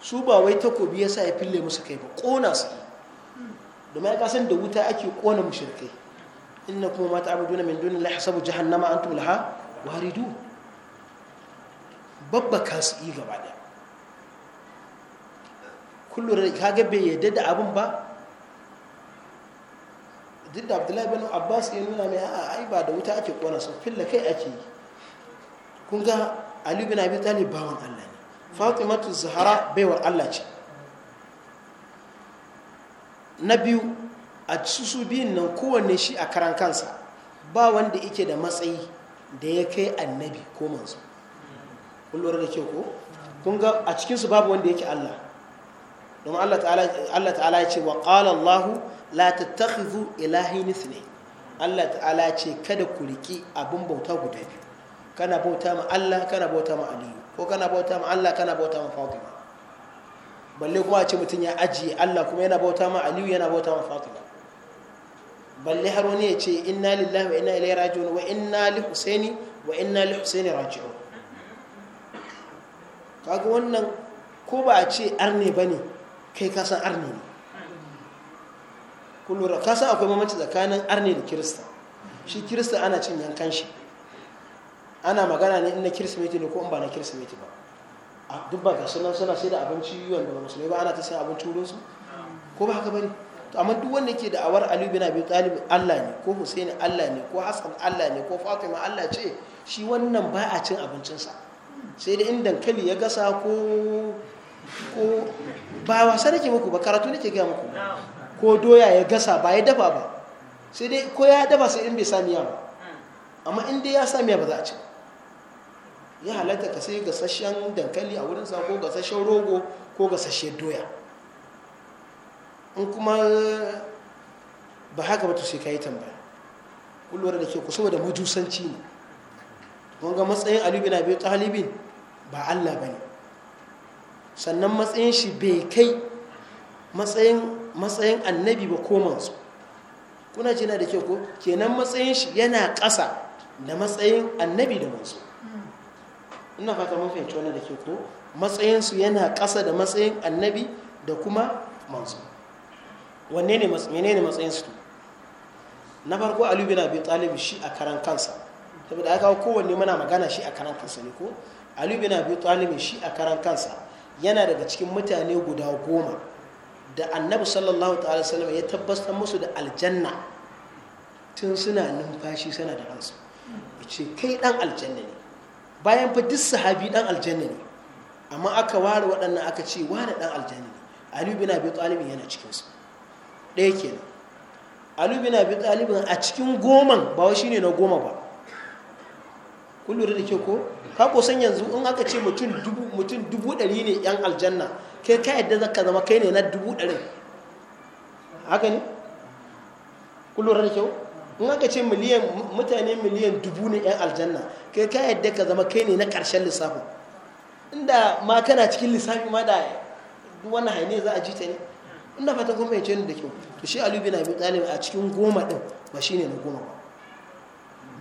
su ba wai takobi ya sa ya fille musu kai ba ƙona su yi domin ya kasan da wuta ake ƙona mushrikai inna kuma mata duna min duna laifin sabu jahannama an tumulha waridu babbaka su yi gaba ɗaya kullum kaga bai yadda da abin ba duk da abdullahi bin abbas ya nuna mai a ai ba da wuta ake kona su filla kai ake yi kun ga ali bin abi talib bawan allah ne fatimatu zahara baiwar allah ce na biyu a susu biyun nan kowanne shi a karan kansa ba wanda yake da matsayi da ya kai annabi ko manzo kun da ke ko kun ga a cikinsu babu wanda yake allah domin Allah ta'ala ya ce wa ƙala Allah la tattakhidhu ilahin ne. Allah ta'ala ya ce kada ku riƙi abin bauta guda biyu kana bauta ma Allah kana bauta ma Aliyu ko kana bauta ma Allah kana bauta ma Fatima balle kuma a ce mutum ya ajiye Allah kuma yana bauta ma Aliyu yana bauta ma Fatima balle har wani ya ce inna lillahi wa inna ilaihi raji'un wa inna li husaini wa inna li husaini raji'un kaga wannan ko ba a ce arne bane kai ka san arni ne kullura ka san akwai mamaci tsakanin arni da kirista shi kirista ana cin yankan shi ana magana ne in na kirsimeti ne ko in ba na kirsimeti ba a duk ba gasu nan suna sai da abinci wanda da musulmi ba ana ta sai abinci wurin su ko ba haka bane to amma duk wanda yake da awar Ali na Abi Talib Allah ne ko Husaini Allah ne ko Hassan Allah ne ko Fatima Allah ce shi wannan ba a cin abincinsa sai da in dankali ya gasa ko ko ba wasa nake muku ba karatu nake gaya muku ko doya ya gasa ba ya dafa ba sai dai ko ya dafa sai in bai sami amma in dai ya sami miya ba za a ci ya halatta ka sai gasasshen dankali a wurin sa ko gasasshen rogo ko gasasshen doya in kuma ba haka ba to sai ka yi tambaya kullum da ke ku saboda majusanci ne kun matsayin alibin abin talibin ba allah ba ne sannan matsayin shi bai kai matsayin annabi ba ko kuna jina da kyau ko kenan matsayin shi yana ƙasa da matsayin annabi da manzo ina fata mafi fahimci wani da kyau ko matsayin su yana ƙasa da matsayin annabi da kuma manzo wanne ne menene matsayin su na farko alubi na Abi talibi shi a karan kansa saboda aka kowanne mana magana shi a karan kansa ne ko alubi na Abi talibi shi a karan kansa yana daga cikin mutane guda goma da annabi sallallahu ta'ala salama ya tabbatar musu da aljanna tun suna numfashi suna da ransu ya ce kai dan aljanna ne bayan fa duk sahabi dan aljanna ne amma aka ware waɗannan aka ce ware dan aljanna ne ali bin abi talib yana cikin su ɗaya kenan ali bin abi talib a cikin goman ba shi shine na goma ba kun lura da ke ko ka ko san yanzu in aka ce mutum dubu mutum dubu ɗari ne yan aljanna kai ka yadda za ka zama kai ne na dubu ɗari haka ne kun lura da kyau in aka ce miliyan mutane miliyan dubu ne yan aljanna kai ka yadda ka zama kai ne na ƙarshen lissafin inda ma kana cikin lissafi ma da wannan haine za a ji ta ne ina fatan kuma ya ce ni da kyau to shi alubi na bi ɗalibi a cikin goma ɗin ba shine na goma ba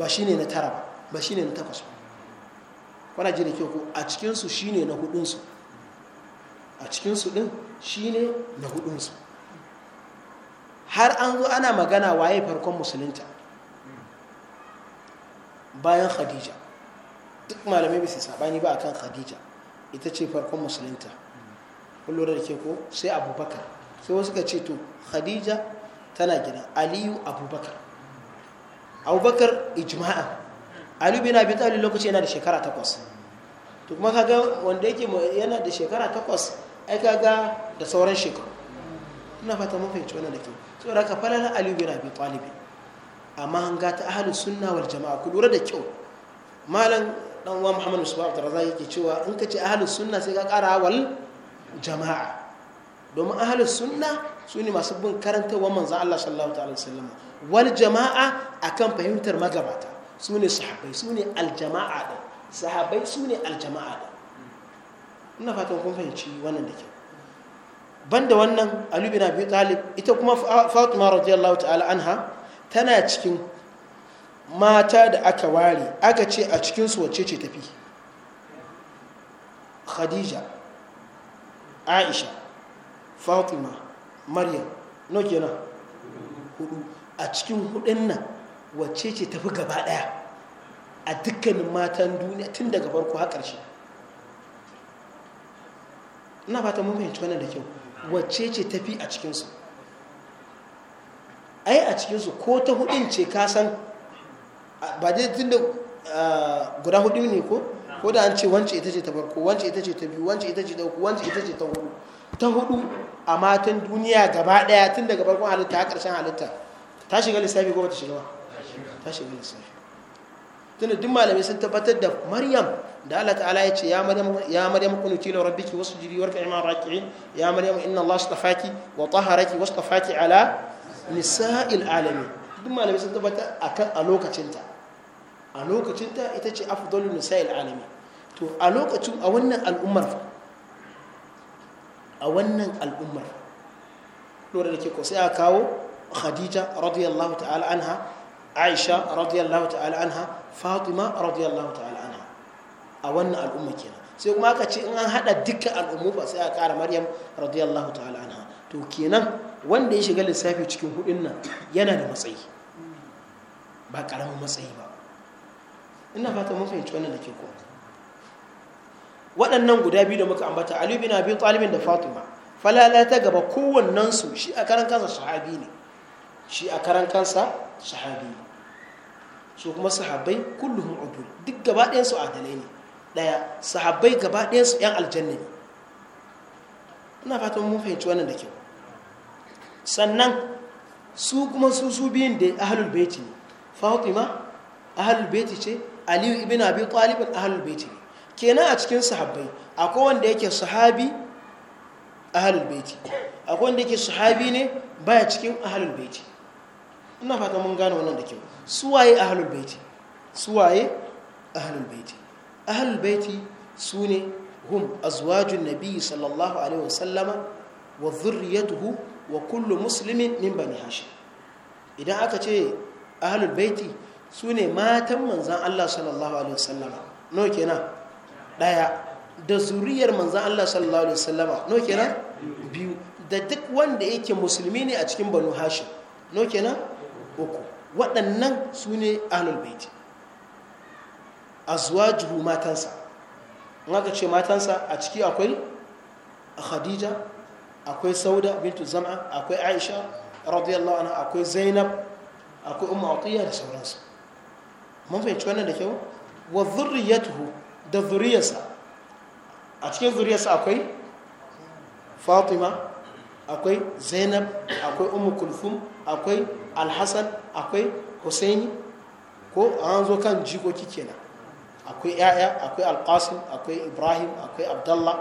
ba shine na tara ba ba shine na takwas wana ji da ke ko a cikinsu shine na hudunsu a cikinsu din shine na hudunsu har an zo ana magana waye farkon musulunta bayan khadija duk malamai bisa sabani ba akan khadija ita ce farkon musulunta kullum da ke ko sai abubakar sai wasu ka ce to khadija tana gina aliyu abubakar abubakar ijma'a ali bin abi talib lokaci yana da shekara takwas to kuma kaga wanda yake yana da shekara takwas ai kaga da sauran shekaru ina fata mun fahimci wannan da ke saboda haka falala ali bin abi talib amma an ga ta ahlus sunna wal jama'a ku lura da kyau malam dan uwa muhammad musuwa abdurrazak yake cewa in ka ce ahlus sunna sai ka kara wal jama'a domin ahlus sunna su ne masu bin karantar karantarwa manzan Allah sallallahu ta'ala wasallam wal jama'a akan fahimtar magabata su ne sahabai su ne aljama'a ɗin sahabai su ne aljama'a ɗin ina fatan kun fahimci wannan da kyau da wannan Ali biyu Abi Talib ita kuma Fatima radiyallahu ta'ala anha tana cikin mata da aka ware aka ce a cikin su wacce ce tafi Khadija Aisha Fatima Maryam no kenan hudu a cikin hudun nan wacce ce tafi gaba daya a dukkanin matan duniya tun daga farko har ƙarshe ina fata mun fahimci wannan da kyau wacce ce tafi a cikinsu ai a cikinsu ko ta hudun ce ka san ba dai tun da ah, guda hudu ne ko ko da an ce wance ita ce ta farko wance ita ce ta biyu wance ita ce ta uku wance ita ce ta hudu ta hudu a matan duniya gaba daya tun daga farkon halitta a ƙarshen halitta ta shiga lissafi ko ba ta shiga ba ta shiga lissafi tunda duk malamai sun tabbatar da maryam da Allah ta'ala ya ce ya maryam ya maryam kunuti li wasu wasjudi warka'i Iman raki'in ya maryam inna Allah astafaki wa tahharaki wastafaki ala nisa'il alamin duk malamai sun tabbatar a kan a lokacinta a lokacinta ita ce afdalu nisa'il alamin to a lokacin a wannan al'ummar fa a wannan al'ummar lura da ke ko sai a kawo khadija radiyallahu ta'ala anha aisha radiyallahu ta'ala anha fatima radiyallahu ta'ala anha a wannan al'umma kenan sai kuma aka ce in an hada dukkan al'ummu ba sai a kara maryam radiyallahu ta'ala anha to kenan wanda ya shiga lissafi cikin hudun nan yana da matsayi ba karamin matsayi ba ina fata mun fahimci wannan da ke kuma waɗannan guda biyu da muka ambata ali bin abi talibin da fatima falala ta gaba kowannensu shi a karan kansa sahabi ne shi a karan kansa sahabi ne su kuma sahabbai kulluhum udul duk gaba ɗayan su adalai ne ɗaya sahabbai gaba ɗayan su yan aljanna ne ina fatan mun fahimci wannan da kyau sannan su kuma su su biyun da ahlul baiti ne fatima ahlul baiti ce aliyu ibn abi talib ahlul baiti kenan a cikin sahabbai akwai wanda yake sahabi ahlul baiti akwai wanda yake sahabi ne baya cikin ahlul baiti ina fata mun gane wannan da kyau suwaye halin baiti suwaye halin baiti halin baiti sune hum azwajun nabi sallallahu alaihi wasallama wa zurriyatuhu wa kullu muslimin min bani hashim idan aka ce halin baiti sune matan manzan Allah sallallahu alaihi wasallama no kenan daya da zuriyar manzan Allah sallallahu alaihi wasallama no kenan biyu da duk wanda yake musulmi ne a cikin banu hashim no kenan uku waɗannan su ne a zuwa azwajuhu matansa in aka ce matansa a ciki akwai khadija akwai sauda bintu zama akwai aisha radiyallahu anha akwai zainab akwai umma atiyya da sauransu mun fahimci wannan da kyau wa zurriyatuhu da zuriyarsa a cikin zuriyarsa akwai fatima akwai zainab akwai ummu kulfum akwai alhassan akwai husaini ko an zo kan jikoki kenan akwai ya'ya akwai alƙasim akwai ibrahim akwai abdallah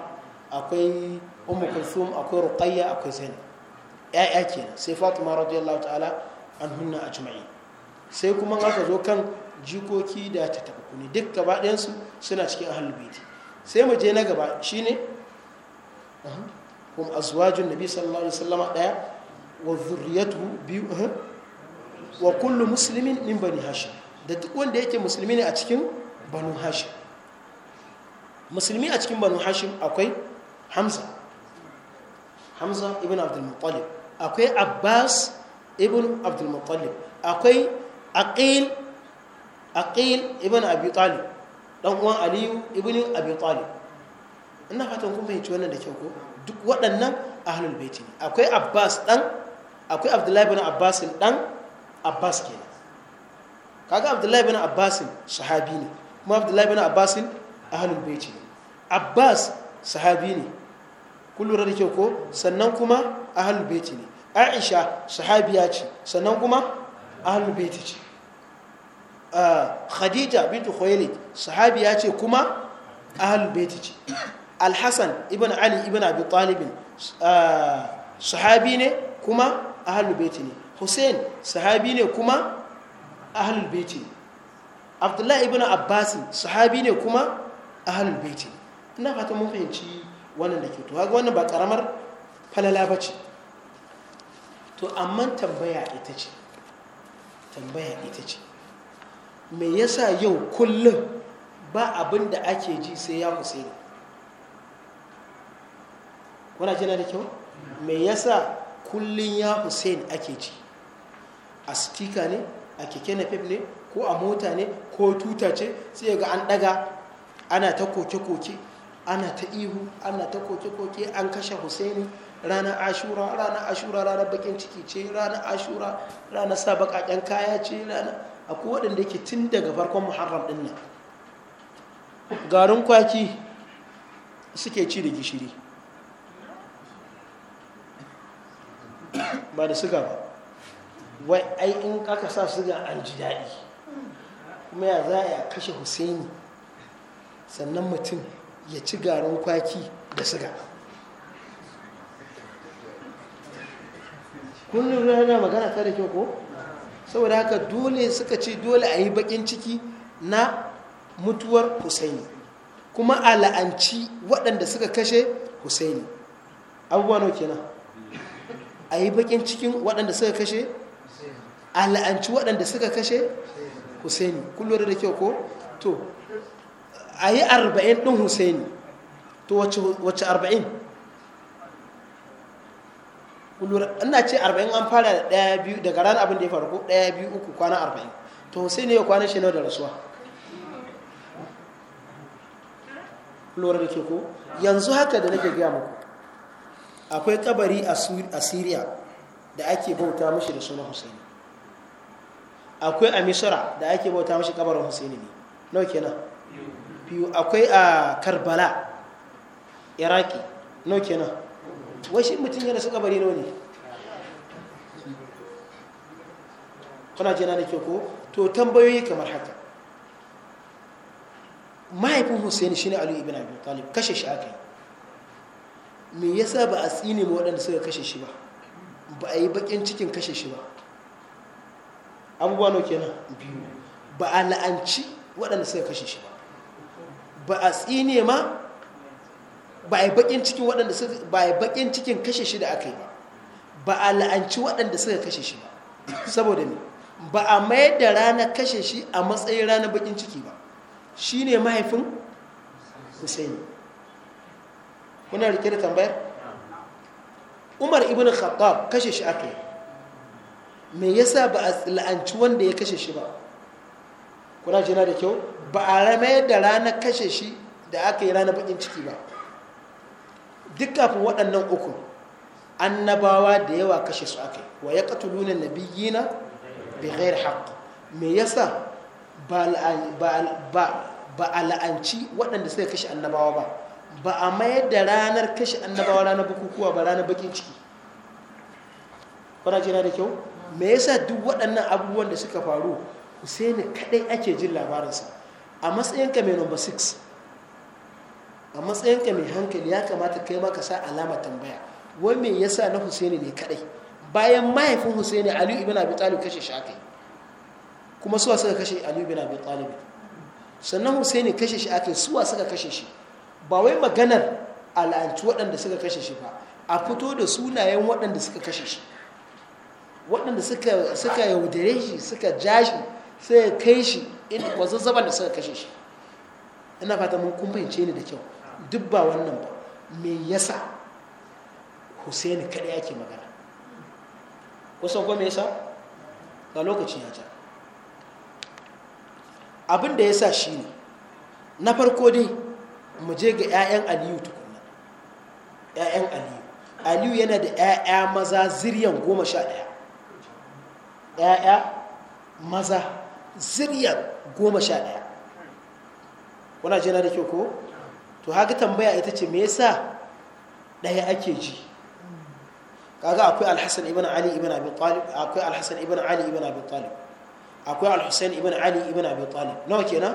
akwai ummu akwai ruqayya akwai zainab ya'ya kenan sai fatima radiyallahu ta'ala an hunna ajma'i sai kuma aka zo kan jikoki da ta tabbakuni duk gaba ɗayansu suna cikin ahlul sai mu je na gaba shine kuma azwajun nabi sallallahu alaihi wasallama daya wa zuriyatu biyu wa kullu muslimin min bani hashim da duk wanda yake musulmi ne a cikin banu hashim musulmi a cikin banu hashim akwai hamza hamza ibn Abdul abdulmuttalib akwai abbas ibn Abdul abdulmuttalib akwai aqil aqil ibn abi talib dan uwan aliyu ibn abi talib ina fatan kun fahimci wannan da kyau ko duk waɗannan ahlul baiti ne akwai abbas dan akwai abdullahi ibn abbas dan abbas ke kaga abdullahi bin abbasin sahabi ne kuma abdullahi bin abbasin ahlul baiti ne abbas sahabi ne kullum da ko sannan kuma ahlul baiti ne aisha sahabiya ce sannan kuma ahlul baiti ce ah, khadija bintu khuwailid sahabiya ce kuma ahlul baiti ce alhassan ibn ali ibn abi talibin ah, sahabi ne kuma ahlul baiti ne hussein sahabi ne kuma ahalul baiti abdullahi ibn abbas sahabi ne kuma ahalul baiti ina fata mun fahimci wannan da ke to haka wannan ba karamar falala ba ce to amma tambaya ita ce tambaya ita ce me yasa yau kullum ba abin da ake ji sai ya husaini wana jina da kyau me yasa kullum ya husaini ake ji a stika ne a keke na ne ko a mota ne ko tuta ce sai ga an daga ana ta koke-koke ana ta ihu ana ta koke-koke an kashe husaini rana ashura rana ashura rana bakin ciki ce rana ashura rana sa kaya ce a akwai waɗanda ke tun daga farkon muharram ɗin nan garin kwaki suke ci da gishiri ba da suga ba wai ai in aka sa suga an ji daɗi kuma ya za a kashe husaini sannan mutum ya ci garin kwaki da suga kullum yana magana ta da kyau ko saboda haka dole suka ce dole a yi bakin ciki na mutuwar husaini kuma a la'anci waɗanda suka kashe husaini abubuwa nau kenan a yi bakin cikin waɗanda suka kashe a la'anci waɗanda suka kashe husaini kullum da kyau ko to a yi arba'in ɗin husaini to wacce arba'in ina ce arba'in an fara da ɗaya biyu daga ran abin da ya faru ko ɗaya biyu uku kwana arba'in to husaini ya kwana shi na da rasuwa lura da ke ko yanzu haka da nake gaya muku akwai kabari a syria da ake bauta mashi da suna husaini akwai a misra da ake bauta mashi kabarin husaini ne nawa nan biyu akwai a karbala iraki nawa kenan wai shi mutum yana su kabari nawa ne kuna jina da ke ko to tambayoyi kamar haka mahaifin husaini shine ali ibn abi talib kashe shi aka yi me yasa ba a tsine ma waɗanda suka kashe shi ba ba a yi bakin cikin kashe shi ba abubuwa nau kenan biyu ba a la'anci waɗanda suka kashe shi ba a tsine ma ba a bakin cikin waɗanda ba a bakin cikin kashe shi da aka yi ba a la'anci waɗanda suka kashe shi ba saboda ne ba a mayar da rana kashe shi a matsayin ranar bakin ciki ba shi ne mahaifin husaini kuna rike da tambayar umar ibn khattab kashe shi aka yi me yasa ba a la'anci wanda ya kashe shi ba kuna jina da kyau ba a ramai da ranar kashe shi da aka yi ranar bakin ciki ba duk kafin waɗannan uku annabawa da yawa kashe su aka yi wa ya katuluna nabiyina bi ghair haqq me yasa ba a la'anci waɗanda suka kashe annabawa ba ba a mayar da ranar kashe annabawa ranar bukukuwa ba ranar bakin ciki kuna jina da kyau me yasa duk waɗannan abubuwan da suka faru husaini kadai ake jin labarinsa a matsayinka mai number 6 a matsayinka mai hankali ya kamata kai maka sa alama tambaya wai me yasa na husaini ne kadai bayan mahaifin husaini ali ibn abi talib kashe shi akai kuma suwa suka kashe ali ibn abi talib sannan husaini kashe shi akai suwa suka kashe shi ba wai maganar al'anci waɗanda suka kashe shi ba a fito da sunayen waɗanda suka kashe shi waɗanda suka suka yaudare shi suka ja shi sai ya kai shi inda kwazazzaban da suka kashe shi ina fata mun kun fahimce ni da kyau duk ba wannan ba me yasa Hussein kada yake magana kusan ko me yasa ga lokaci ya ja abin da yasa shine na farko dai mu je ga 'ya'yan Aliyu tukunna 'ya'yan Aliyu Aliyu yana da 'ya'ya maza ziryan goma sha ɗaya 'ya'ya maza zuriya goma sha ɗaya kuna jina da kyau ko to haka tambaya ita ce me yasa ɗaya ake ji kaga akwai alhassan ibn ali ibn abi talib akwai alhassan ibn ali ibn abi talib akwai alhussein ibn ali ibn abi talib nawa kenan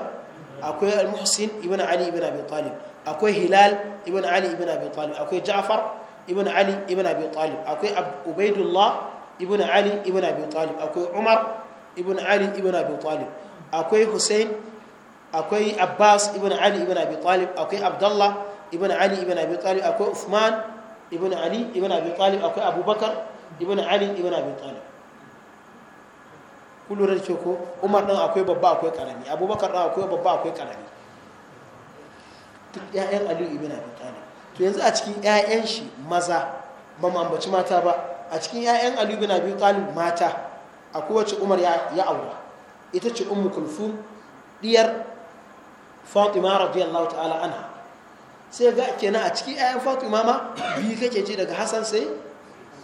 akwai almuhsin ibn ali ibn abi talib akwai hilal ibn ali ibn abi talib akwai ja'far ibn ali ibn abi talib akwai ubaidullah ibn ali ibn abi talib akwai umar ibn ali ibn abi talib akwai hussein akwai abbas ibn ali ibn abi talib akwai abdullah ibn ali ibn abi talib akwai uthman ibn ali ibn abi talib akwai abubakar ibn ali ibn abi talib ku lura da ko umar ɗin akwai babba akwai karami abubakar ɗin akwai babba akwai karami duk ƴaƴan aliyu ibn abi talib to yanzu a cikin ƴaƴan shi maza ba mu ambaci mata ba a cikin 'ya'yan Ali bin Abi Talib mata a kowace Umar ya aura ita ce Ummu Kulthum diyar Fatima radiyallahu ta'ala ana sai ga kenan a cikin 'ya'yan Fatima ma biyu kake ce daga Hassan sai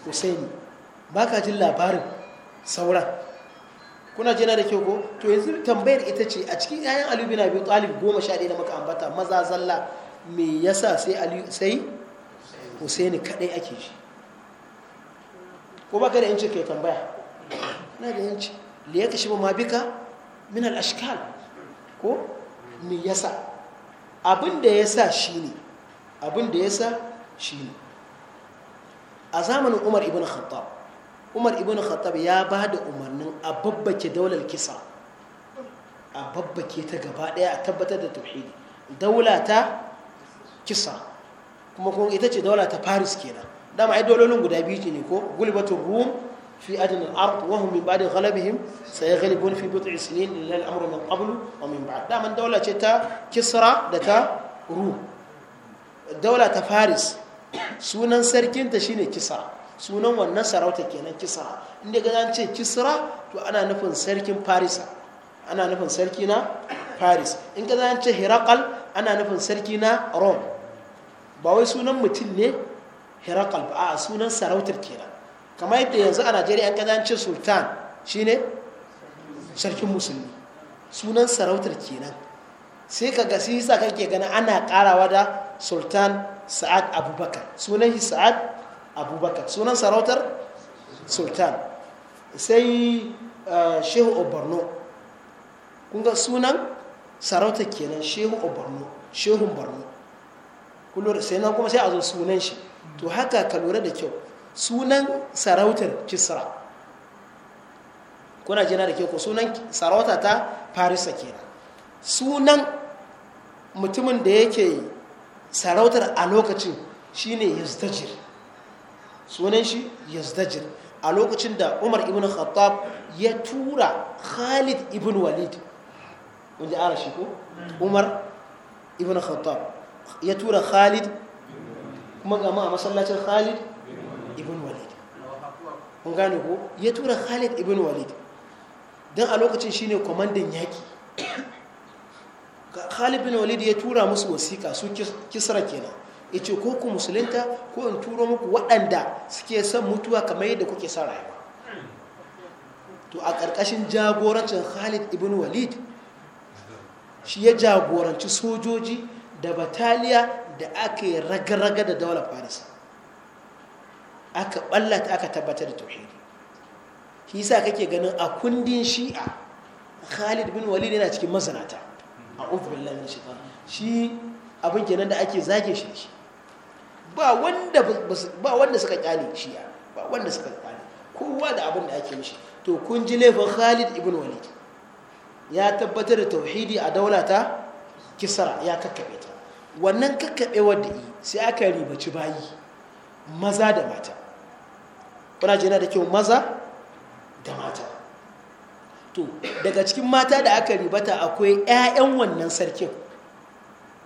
Husaini ka jin labarin sauran kuna jina da kyau ko to yanzu tambayar ita ce a cikin 'ya'yan Ali bin Abi Talib goma sha ɗaya da muka ambata maza zalla me yasa sai Ali sai Husaini kadai ake shi ko baka da yanci kai tambaya na da yanci li yakashibu ma bika min al ashkal ko me yasa abin da yasa shine abin da yasa shine a zamanin Umar ibn Khattab Umar ibn Khattab ya ba da umarnin a babbake daular kisa a babbake ta gaba daya a tabbatar da tauhidi daula ta kisa kuma kuma ita ce daula ta Paris kenan dama ai dololin guda biyu ce ne ko gulbatul rum fi adn al-ard wa hum min ba'di ghalabihim sayaghlibun fi bid'i sinin lillahi al-amru min qablu wa min ba'd dama daula ce ta kisra da ta rum daula ta faris sunan sarkinta shine kisra sunan wannan sarauta kenan kisra inda ga an ce kisra to ana nufin sarkin farisa ana nufin sarki na Faris. in ka an ce herakal ana nufin sarki na rome ba wai sunan mutum ne herakal ba a sunan sarautar kenan kamar yadda yanzu a najeriya an kaza ce sultan shine sarkin musulmi sunan sarautar kenan sai ka gasi sa kake gani ana karawa da sultan sa'ad abubakar sunan shi sa'ad abubakar sunan sarautar sultan sai eh, shehu obarno kunga sunan sarautar kenan shehu obarno shehun barno kullum sai na kuma sai a zo sunan shi to haka ka lura da kyau sunan sarautar kisra kuna jina da kyau ko sunan sarauta ta farisa kenan sunan mutumin da yake sarautar a lokacin shine yazdajir sunan shi yazdajir a lokacin da umar ibn khattab ya tura khalid ibn walid wanda ara shi ko umar ibn khattab ya tura khalid kuma ga ma a masallacin Khalid ibn Walid kun gane ko ya tura Khalid ibn Walid dan a lokacin shine kwamandan yaki Khalid ibn Walid ya tura musu wasiƙa su kisra kenan yace ko ku musulunta ko in turo muku waɗanda suke son mutuwa kamar yadda kuke son rayuwa to a ƙarƙashin jagorancin Khalid ibn Walid shi ya jagoranci sojoji da bataliya da aka yi raga-raga da daular farisa aka ɓallata aka tabbatar da tauhidi shi sa kake ganin a kundin shi'a khalid bin walid yana cikin masanata a ofin lamin shaitan shi abin kenan da ake zage shi shi ba wanda suka kyale shi'a ba wanda suka kyale kowa da abin da ake mishi to kun ji laifin khalid ibn walid ya tabbatar da tauhidi a daulata ta kisara ya kakkabe ta wannan kakkaɓe da yi sai aka ribaci bayi maza da mata kuna jina da kyau maza da mata to daga cikin mata da aka ribata akwai 'ya'yan wannan sarkin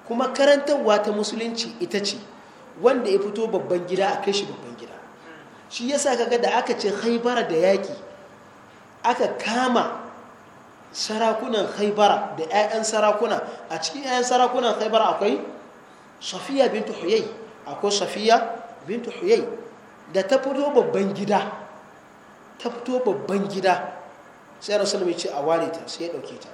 kuma karantarwa ta musulunci ita ce wanda ya fito babban gida a kai shi babban gida shi yasa kaga da aka ce haibara da yaƙi aka kama sarakunan haibara da 'ya'yan sarakuna a cikin 'ya'yan sarakunan haibara akwai safiya bintu huyai akwai safiya bintu huyai da ta fito babban gida ta fito babban gida sai rasulun ya ce a ware ta sai ya ɗauke ta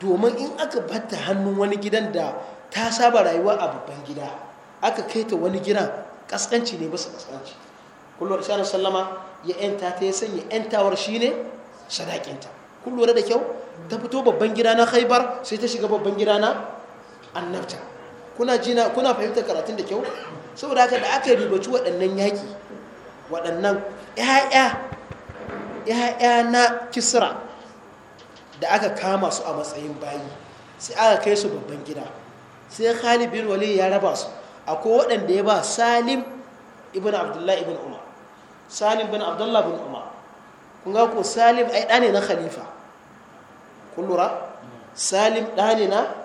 domin in aka batta hannun wani gidan da ta saba rayuwa a babban gida aka kai ta wani gidan kaskanci ne basu kaskanci kullum rasulun sallama ya yanta ta ya sanya yantawar shi ne sadakinta kullum da kyau ta fito babban gida na haibar sai ta shiga babban gida na annabta kuna jina kuna fahimtar karatun da kyau saboda haka da aka ribaci waɗannan yaƙi waɗannan ‘ya'ya na kisra da aka kama su a matsayin bayi sai aka kai su babban gida sai khalid bin wali ya raba su akwai waɗanda ya ba salim ibn abdullahi ibn umar salim bin abdullahi bin umar kun ga ko salim ai ɗane na khalifa kun lura salim ɗane na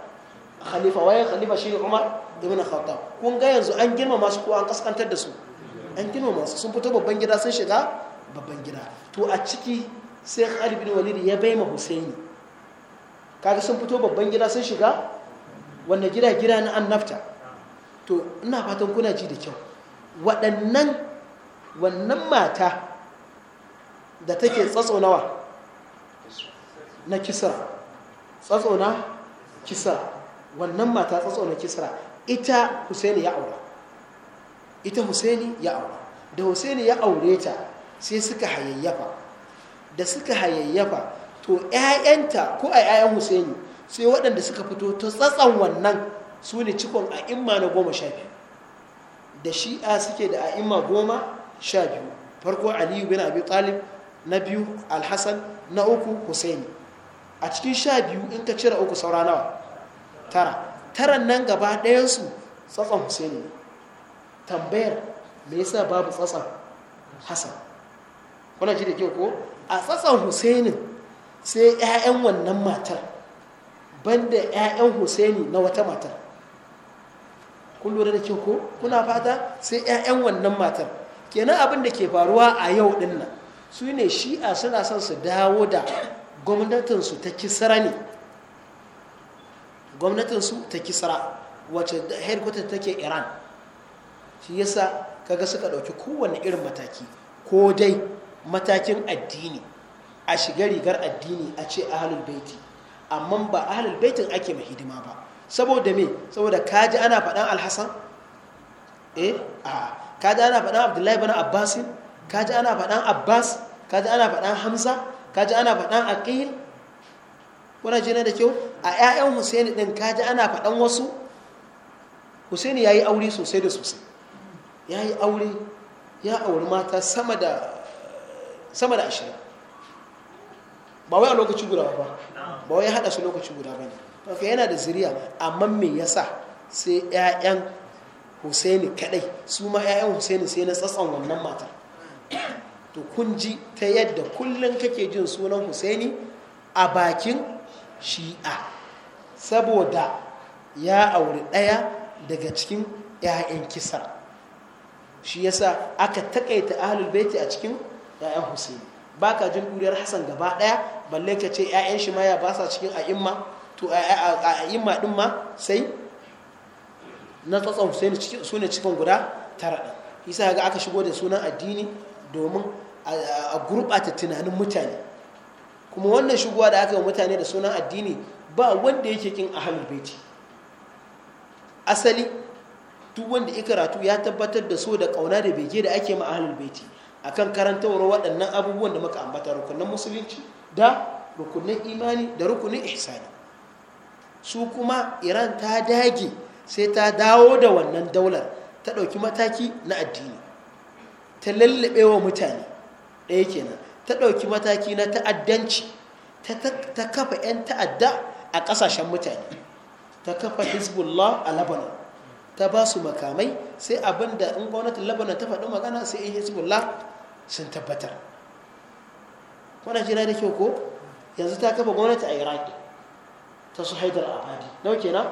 khalifa waye khalifa shi umar ibn khattab kun ga yanzu an girmama su ko an kaskantar da su an girmama su sun fito babban gida sun shiga babban gida to a ciki sai khalid ibn walid ya bai ma husaini kaga sun fito babban gida sun shiga wanda gida gida na annafta to ina fatan kuna ji da kyau waɗannan wannan mata da take tsatso nawa na kisa tsatso na kisa wannan mata tsatsonin kisra ita husaini ya aura ita husaini ya aura da husaini ya aure ta sai suka hayayyafa da suka hayayyafa to 'ya'yanta ko a 'ya'yan husaini sai waɗanda suka fito ta tsatsan wannan su ne cikon a'imma na goma sha biyu da shi'a suke da a'imma goma sha biyu farko aliyu bin abi talib na biyu alhassan na uku husaini a cikin sha biyu in ka cire uku saura nawa tara taran nan gaba ɗayansu tsatson husaini tambayar me yasa babu tsatson hassan kuna ji da kyau ko a tsatson Husaini sai 'ya'yan wannan matar banda 'ya'yan husaini na wata matar kun lura da kyau ko kuna fata sai 'ya'yan wannan matar kenan abin da ke faruwa a yau dinnan. su ne shi'a suna son su dawo da gwamnatinsu ta kisra ne gwamnatinsu ta kisra wacce headquarter take iran shi yasa kaga suka ɗauki kowane irin mataki ko dai matakin addini a shiga rigar addini a ce ahalul baiti amma ba ahalul baitin ake mai hidima ba saboda me saboda kaji ana faɗan alhassan eh a kaji ana faɗan abdullahi bin abbasin kaji ana faɗan abbas kaji ana faɗan hamza kaji ana faɗan aqil wannan jina da kyau a 'ya'yan husaini ɗin kaji ana faɗan wasu husaini ya yi aure sosai da sosai ya yi aure ya auri mata sama da ashirin ba wai a lokaci guda ba ba wai haɗa su lokaci guda ba ne ɗauka yana da zuriya amma me yasa sai 'ya'yan husaini kaɗai su ma 'ya'yan husaini sai na tsatsan wannan matar to kun ji ta yadda kullum kake jin sunan husaini a bakin shi'a saboda ya auri ɗaya daga cikin 'ya'yan kisa shi yasa aka takaita ahlul baiti a cikin 'ya'yan husaini ba ka jin ɗuriyar hassan gaba ɗaya balle ka ce 'ya'yan shi ma ya ba sa cikin a'imma to a'imma ɗin ma sai na tsatsan husaini su ne cikin guda tara ɗin isa ga aka shigo da sunan addini domin a gurɓata tunanin mutane kuma wannan shigowa da aka yi mutane da sunan addini ba wanda yake kin halin baiti asali duk wanda ya karatu ya tabbatar da so da kauna da bege da ake ma ahlul baiti akan karantawar waɗannan abubuwan da muka ambata rukunan musulunci da rukunin imani da rukunin ihsani su kuma iran ta dage sai ta dawo da wannan daular ta ɗauki mataki na addini ta lallaɓe wa mutane ɗaya kenan ta ɗauki mataki na ta'addanci ta kafa 'yan ta'adda a ƙasashen mutane ta kafa hezbollah a lebanon ta ba su makamai sai abin da in gwamnatin lebanon ta faɗi magana sai in hezbollah sun tabbatar kuna jina da kyau ko yanzu ta kafa gwamnati a iraki ta su haidar abadi nau kenan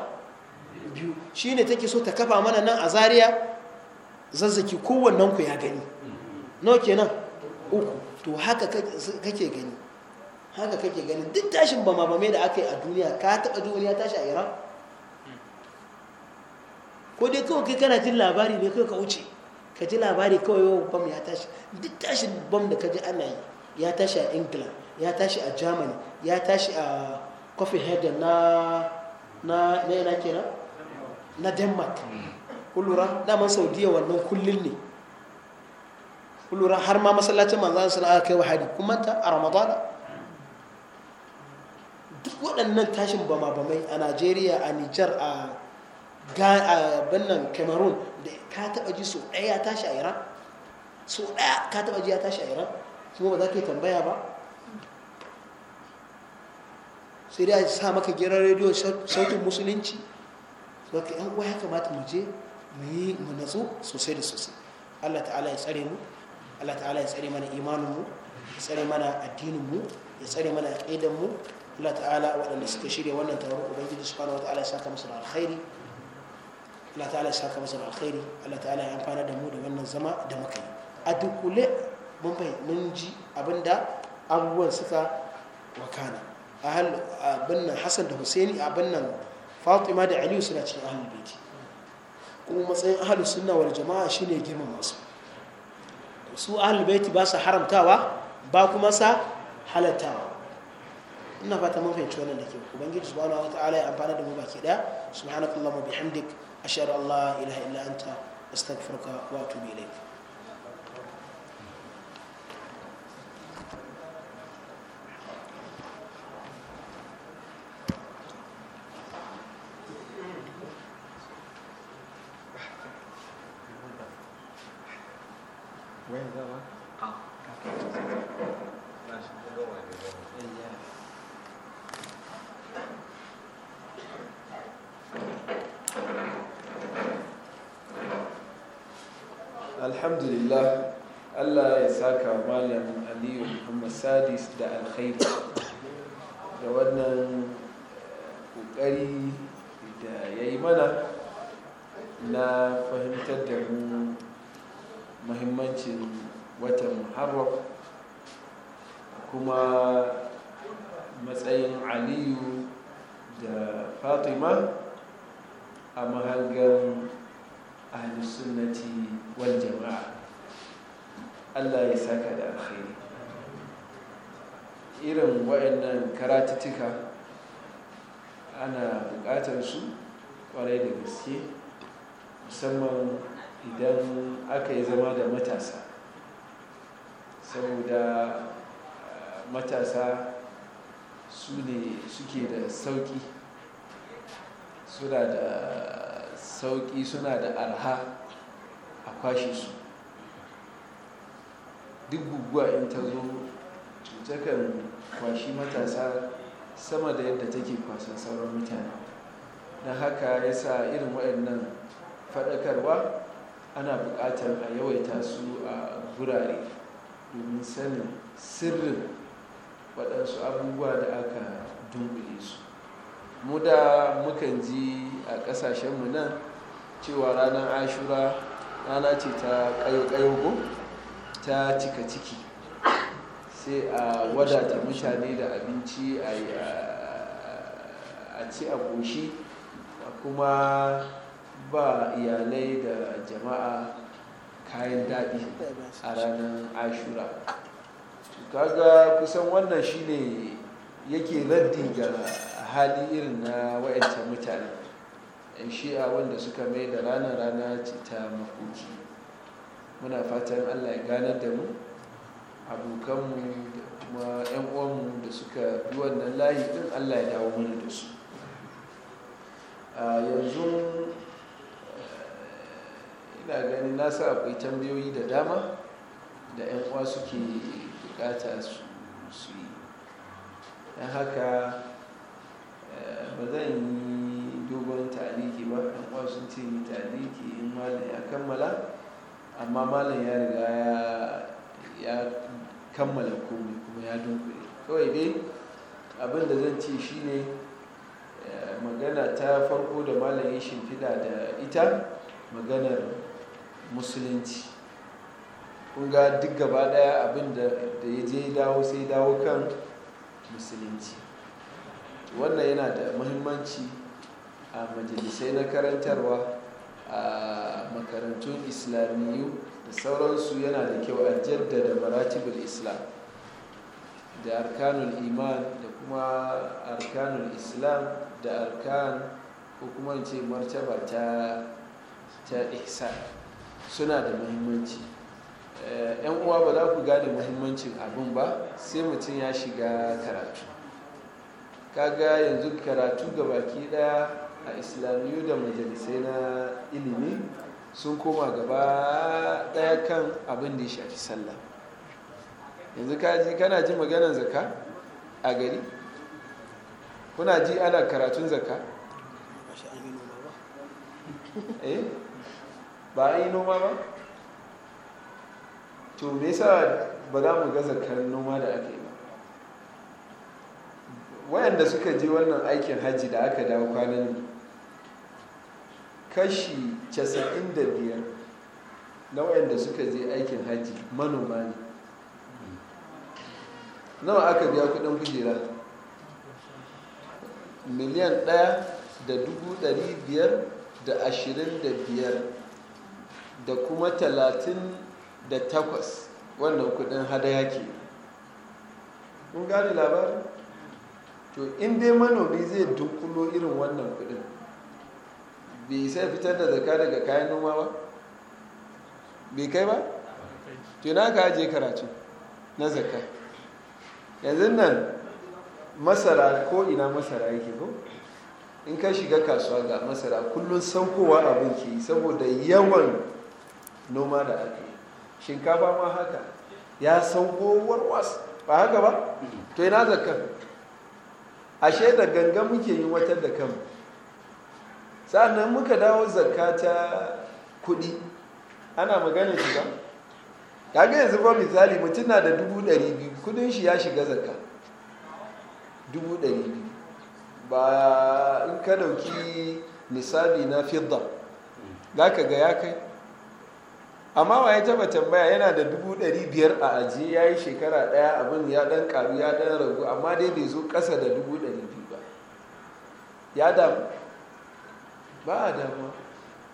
biyu shi ne take so ta kafa mana nan a zariya zazzaki kowannen ku ya gani nau kenan uku to haka kake gani haka kake gani duk tashin ba mamame da aka yi a duniya ka taɓa duniya tashi a iran ko dai kawai kai kana jin labari ne kai ka wuce ka ji labari kawai yau bam ya tashi duk tashin bam da ka ji ana yi ya tashi a ingila ya tashi a germany ya tashi a copenhagen na na na kenan na denmark hmm. kullura daman saudiya wannan kullum ne kullura har ma masallacin manzan sun aka kai wa hari kuma ta a ramadana duk waɗannan tashin bama bamai a najeriya a nijar a bannan cameroon da ka taɓa ji so ɗaya ya tashi a iran so ɗaya ka taɓa ji ya tashi a iran kuma ba za ka yi tambaya ba sai dai a sa maka giran rediyo sautin musulunci za ka yi ya kamata mu je mu yi mu natsu sosai da sosai allah ta'ala ya tsare mu Allah ta'ala ya tsare mana imaninmu ya tsare mana addininmu ya tsare mana aqidanmu Allah ta'ala waɗanda suka shirya wannan taron ubangiji subhanahu wa ta'ala ya saka musu da alkhairi Allah ta'ala ya saka musu da alkhairi Allah ta'ala ya amfana da mu da wannan zama da muka yi a dukkule mun mun ji abinda abubuwan suka wakana ahal abin nan Hassan da Husaini abin nan Fatima da Aliyu suna cikin ahlul baiti kuma matsayin ahlus sunna wal jama'a shine girmama su su ahlul baiti ba su haramtawa ba kuma sa halattawa ina fata mun fahimci wannan da ke ubangiji subhanahu wa ta'ala ya amfana da mu baki daya subhanakallahumma bihamdik ashhadu an la ilaha illa anta astaghfiruka wa atubu ilayk alhamdulillah allah ya saka malam aliyu muhammad sadis da alkhairi da wannan kokari eh, da ya yi mana na fahimtar da mu mahimmancin watan muharraf kuma matsayin aliyu da fatima a mahangar ahlussunnati Wan jama'a Allah ya saka da alkhairi irin waɗannan karatuttuka ana buƙatar su kwarai da gaske musamman idan aka yi zama da matasa saboda ah, matasa su ne suke da sauƙi suna da sauƙi suna da arha a kwashe su duk guguwa in ta zo takan kwashi matasa sama da yadda take kwasan sauran mutane na haka ya sa irin waɗannan faɗakarwa ana buƙatar a yawaita su a gurare domin sanin sirrin waɗansu abubuwa da aka dunkule su mu da mukan ji a ƙasashenmu nan cewa ranar ashura rana ce ta kayo-kayo ko ta cika ciki sai a wadata mutane da abinci a ci a goshi kuma ba iyalai da jama'a kayan daɗi a ranar ashura kaga kusan wannan shine yake raddi ga hali irin na wa'yancan mutane 'yan shi'a wanda suka mai da rana rana ce ta makoki muna fatan allah ya ganar da mu abokanmu da kuma 'yan uwanmu da suka bi wannan layi din allah ya dawo mana da su yanzu eh, ina ganin nasa akwai tambayoyi da dama da 'yan uwa suke bukata su yi haka eh, ba zan yi dogon ce mita in malin ya kammala amma malam ya riga ya kammala komai kuma ya dunkule kawai dai abin da zan ce shine eh, magana ta farko da malin ya shimfida da ita maganar musulunci kunga duk gaba daya abin da ya je dawo sai dawo kan musulunci wannan yana da muhimmanci a majalisai na karantarwa a makarantun islamiyu da sauransu yana da kyau a jaddada maratibul islam da arkanul iman da kuma arkanul islam da arkan ko martaba ta ta ihsan suna da muhimmanci eh, yan uwa ba za ku gane muhimmancin abin ba sai mutum ya shiga karatu kaga yanzu karatu ga baki daya a islamiyu da majalisai na ilimi sun koma gaba daya kan abin da ya shafi sallah yanzu kaji kana ji maganar zaka a gari kuna ji ana karatun zaka <laughs> eh? ba a yi noma ba to me yasa ba za mu ga zakar noma da aka yi ba wayanda suka je wannan aikin hajji da aka dawo kwanan kashi 95 na wayanda suka je aikin hajji manoma ne nawa aka biya kudin kujera miliyan ɗaya da dubu ɗari da ashirin da da kuma talatin da takwas wannan kudin hadaya ke kun gane labarin to in dai manomi zai dunkulo irin wannan kudin Bi sai fitar da zaka daga kayan noma ba Bi kai ba tuna ka je karatu na zaka yanzu nan masara ko ina masara yake ko in ka shiga kasuwa ga masara kullum saukowa abin ke saboda yawan noma da ake shinkafa ma haka ya sauko warwas ba haka ba to ina zakka ashe da ganga muke yi watar da kanmu sa'annan muka dawo zakka ta kudi ana magana shi ba kaga yanzu ba misali mutum na da dubu ɗari biyu kudin shi ya shiga zakka dubu ɗari biyu ba in ka dauki nisabi na fidda za ka ga ya kai amma wa ya taba tambaya yana da dubu ɗari biyar a aji ya yi shekara ɗaya abin ya ɗan ƙaru ya ɗan ragu amma dai bai zo ƙasa da dubu ɗari biyu ba ya damu ba a dama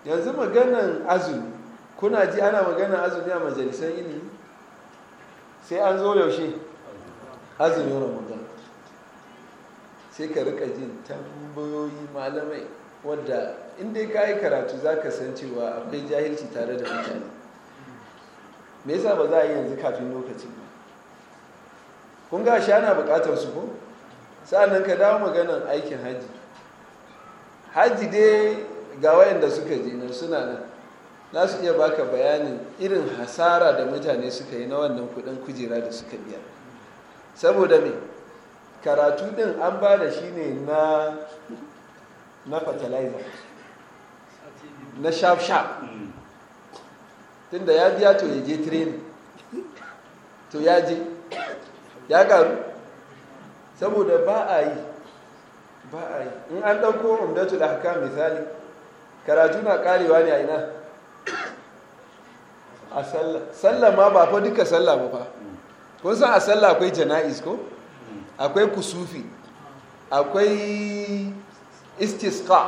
yanzu maganan azumi kuna ji ana maganan azumi a majalisar ilimi sai an zo yaushe wani magana. sai ka rika jin tambayoyi malamai wadda inda ka yi karatu za ka san cewa akwai jahilci tare da mutane me yasa ba za a yi yanzu kafin lokacin ba kun ga shi ana bukatar su ko nan ka dawo maganan aikin hajji hajji dai ga wayanda suka je nan suna nan za su iya baka bayanin irin hasara da mutane suka yi na wannan kudin kujera da suka biya saboda me karatu din an ba da shi ne na na fertilizer na sharp sharp tunda ya biya to ya je training to ya je ya karu saboda ba a yi ba a yi in an ɗauko umdatu da haka misali karatu na karewa ne a ina a sallah sallah ma ba fa duka sallah ba fa kun san a sallah akwai jana'iz ko akwai kusufi akwai istiska.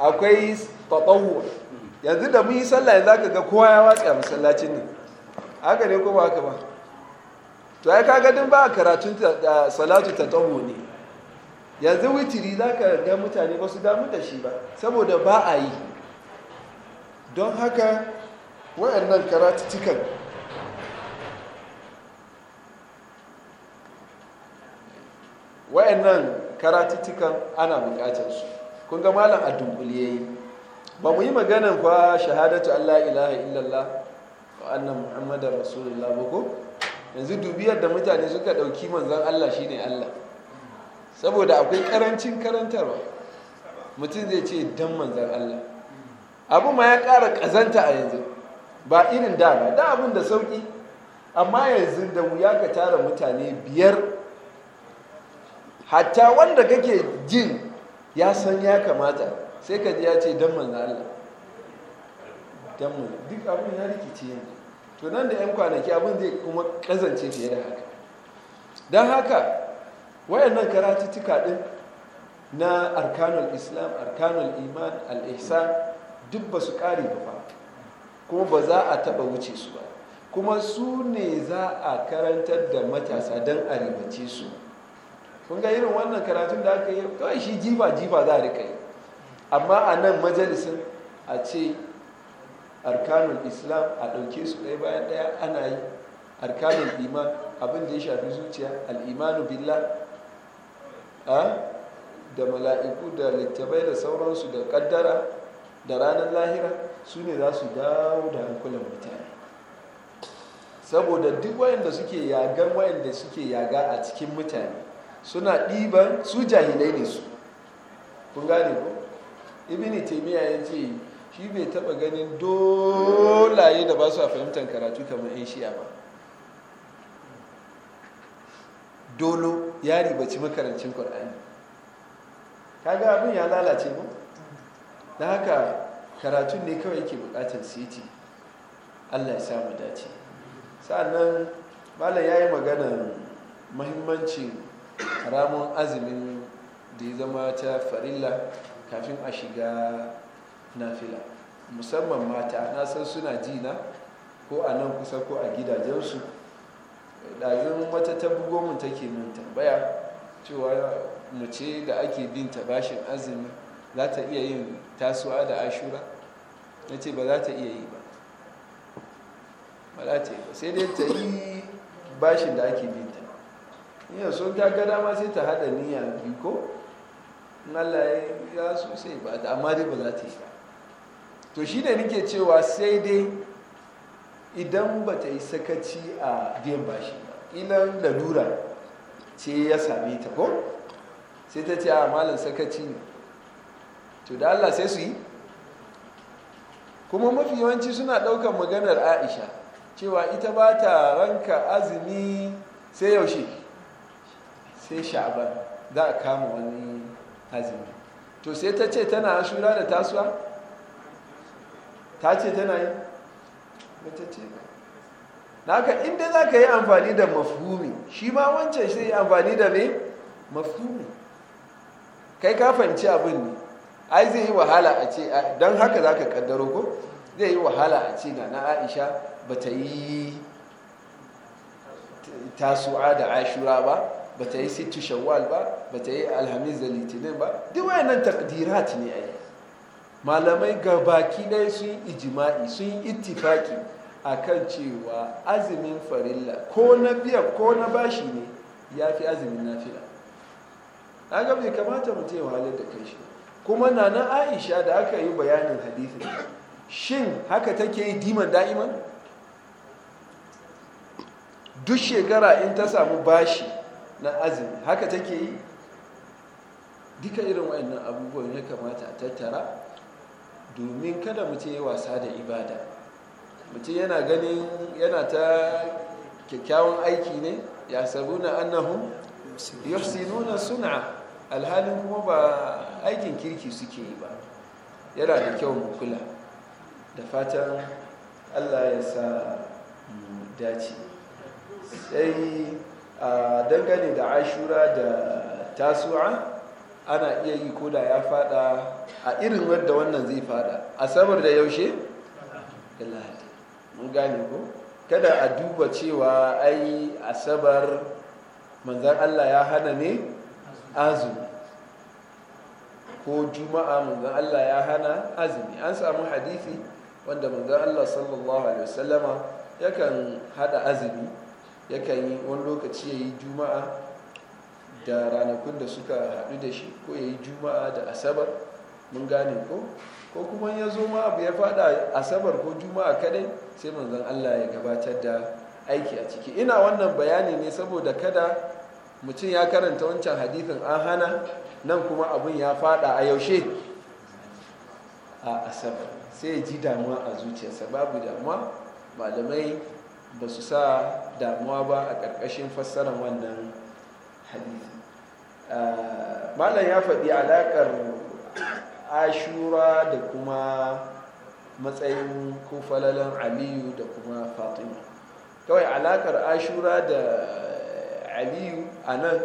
akwai tatawwu yanzu da mun yi sallah yanzu aka ga kowa ya watsa a masallacin nan haka ne ko ba haka ba to ya kaga din ba karatun salatu tatawwu ne yanzu witiri za ka ga mutane ba su damu da shi ba saboda ba a yi don haka waɗannan karatuttukan karatutukan ana buƙatar su kun ga malam a dunkule yi. ba mu yi maganin fa shahadatu Allah ilaha illallah wa annan muhammadar rasulullah ba ko yanzu dubiyar da mutane suka ɗauki manzon Allah shine Allah saboda akwai karancin karantarwa mutum zai ce dan manzan Allah abu ma ya ƙara ƙazanta a yanzu ba irin da ba da abin da sauƙi amma yanzu da wuya ka tara mutane biyar hatta wanda kake jin ya san ya kamata sai ka ji ya ce dan manzan Allah dan manzan duk abin ya rikice yanzu to nan da 'yan kwanaki abin zai kuma ƙazance fiye da haka don haka wayannan karatuttuka din na arkanul islam arkanul iman al-ihsan duk ba su kare ba fa kuma ba za a taba wuce su ba kuma su ne za a karantar da matasa don a ribace su kun ga irin wannan karatun da aka yi kawai shi jiba jiba za a rika yi amma a nan majalisin a ce arkanul islam a ɗauke su ɗaya bayan ɗaya ana yi arkanul iman abin da ya shafi zuciya al'imanu billah da mala'iku da littabai da sauransu da kaddara da ranar lahira su ne za su dawo da hankulan mutane saboda duk wayanda suke yagan wayanda suke yaga a cikin mutane suna ɗiban su jahilai ne su kun gane ko ibini taimiyya ya ce shi bai taɓa ganin dolaye da ba su a fahimtar karatu kamar 'yan shi'a ba dolo ya ribaci makarancin ƙwar'ani kaga abin ya lalace mu na haka karatun ne kawai yake bukatar siti allah ya samu dace sa'annan bala ya yi maganar mahimmancin ramun azumin da ya zama ta farilla kafin a shiga nafila musamman mata na san suna jina ko a nan kusa ko a gidajensu ɗazin wata ta bugo mun take mun tambaya cewa mu ce da ake bin ta bashin azumi za ta iya yin tasuwa da ashura na ce ba za ta iya yi ba ba za ta yi ba sai dai ta yi bashin da ake bin ta yin sun ta gada ma sai ta hada niyya biyu ko Allah ya sosai ba amma dai ba za ta yi ba to shi ne nike cewa sai dai idan ba ta yi sakaci a biyan bashi ba ilan lalura ce ya same ta ko sai ta ce a malin sakaci ne to da allah sai su yi kuma mafi yawanci suna ɗaukar maganar aisha cewa ita ba ta ranka azumi sai yaushe sai sha'aban za a kama wani azumi to sai ta ce tana shura da tasuwa ta ce tana yi mace ce da haka inda za ka yi amfani da mafhumi shi ma wancan shi yi amfani da mai mafhumi kai ka abin ne ai zai yi wahala a ce don haka za ka kaddaro ko zai yi wahala a ce na aisha ba ta yi tasu'a da ashura ba ba ta yi Situ shawwal ba ba ta yi alhamis da litinin ba duk wayannan takdirat ne a yi. malamai ga baki ɗaya sun yi ijima'i sun yi a kan cewa azumin farilla ko na biya ko na bashi ne ya fi azumin nafila ga bai kamata mutum ya wahalar da kai shi kuma na nan aisha da aka yi bayanin hadithin shin haka take yi diman da'iman duk shekara in ta samu bashi na azumi haka take yi duka irin wa'annan abubuwan ya kamata a tattara domin kada mu ce wasa da ibada mutum yana ganin yana ta kyakkyawan aiki ne ya sabu na annahun nuna suna alhalin kuma ba aikin kirki suke yi ba yana da kyau mu kula da fatan allah ya sa mu dace sai a dangane da ashura da tasu'a ana iya yi ko da ya fada a irin wadda wannan zai fada asabar da yaushe lahadi mun gane ko kada a duba cewa ai asabar manzan allah ya hana ne azumi ko juma'a manzan allah ya hana azumi an samu hadithi wanda manzan allah sallallahu alaihi wasallama yakan hada azumi yakan yi wani lokaci ya yi juma'a da ranakun da suka haɗu da shi ko ya yi juma'a da asabar mun gane ko ko kuma ya zo ma abu ya fada asabar ko juma'a kadai sai manzon Allah ya gabatar da aiki a ciki ina wannan bayani ne saboda kada mutum ya karanta wancan hadithin an hana nan kuma abun ya fada a yaushe a asabar sai ya ji damuwa a zuciyarsa babu damuwa malamai ba su sa damuwa ba a ƙarƙashin fassarar wannan hadithi malam ya faɗi alaƙar ashura da kuma matsayin ko falalan aliyu da kuma fatima kawai alaƙar ashura da aliyu a nan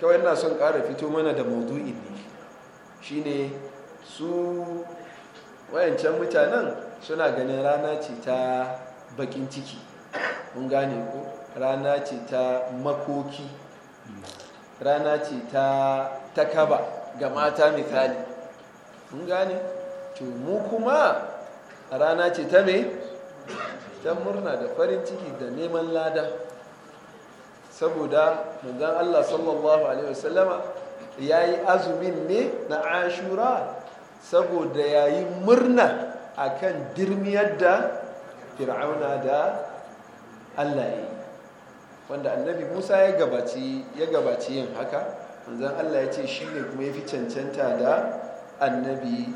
kawai na son ƙara fito mana da maudu'in ne Shi ne su wayancan mutanen suna ganin rana ce ta bakin ciki mun gane ko rana ce ta makoki rana ce ta takaba ga mata misali mun gane to mu kuma rana ce ta me ta murna da farin ciki da neman lada saboda manzon Allah sallallahu alaihi wasallama yayi azumin ne na Ashura saboda yayi murna akan dirmiyar da Fir'auna da Allah wanda annabi musa ya gabaci ya gabaci yin haka wanzan allah ya ce shi ne kuma ya fi cancanta da annabi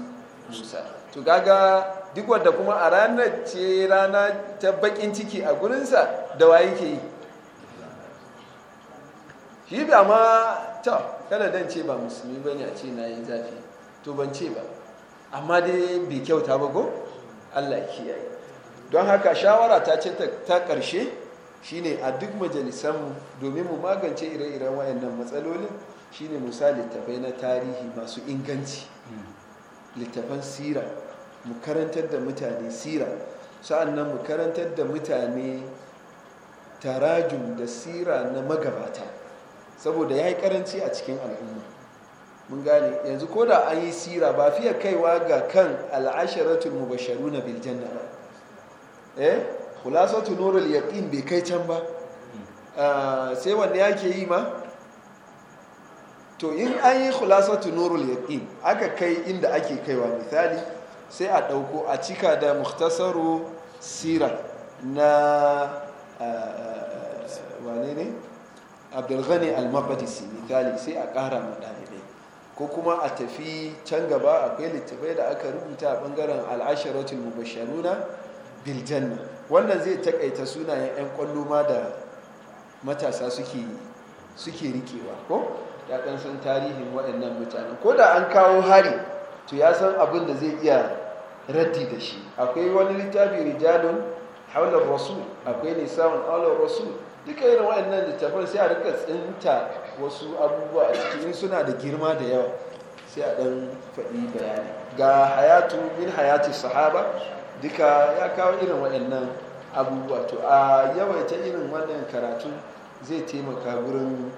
musa to gaga duk wadda kuma a ranar ce rana ta bakin ciki a gurinsa da waye ke yi shi ba ma ta kada ce ba musulmi ba ne a ce na yi zafi to ban ce ba amma dai bai kyauta ba ko allah ya kiyaye don haka shawara ta ce ta ƙarshe shine a duk majalisanmu domin mu magance ire-iren wayannan matsalolin shine musa littafai na tarihi masu inganci littafan sira mu karantar da mutane sira sa'annan mu karantar da mutane tarajun da sira na magabata saboda ya yi karanci a cikin al'umma mun gane yanzu ko da an yi sira ba fiye kaiwa ga kan al'asharatul mubasharu na biljanna ba eh Kulasatu nurul yaqin bai kai can ba ah, sai wanne yake yi ma to in an yi kulasatu nurul yaqin aka kai inda ake kaiwa misali sai a ɗauko a cika da mukhtasaru sirar na ah, ah, wane ne abdulghani al mabadisi misali sai a kara ma dalibai ko kuma a tafi can gaba akwai littafai da aka rubuta a ɓangaren alasharatul asharatul mubashsharuna bil wannan zai takaita sunayen 'yan kwallo ma da matasa suke rikewa ko ya ɗan san tarihin waɗannan mutane? ko da an kawo hari to ya san abin da zai iya raddi da shi akwai wani littafi rijalun haular rasu akwai nisan haular rasu duka irin waɗannan littafin sai a rika tsinta wasu abubuwa a cikin suna da girma da yawa sai a ɗan faɗi bayani ga hayatu min Hayatu sahaba duka ya kawo irin waɗannan abubuwa to a yawaita irin wannan karatu zai taimaka gurin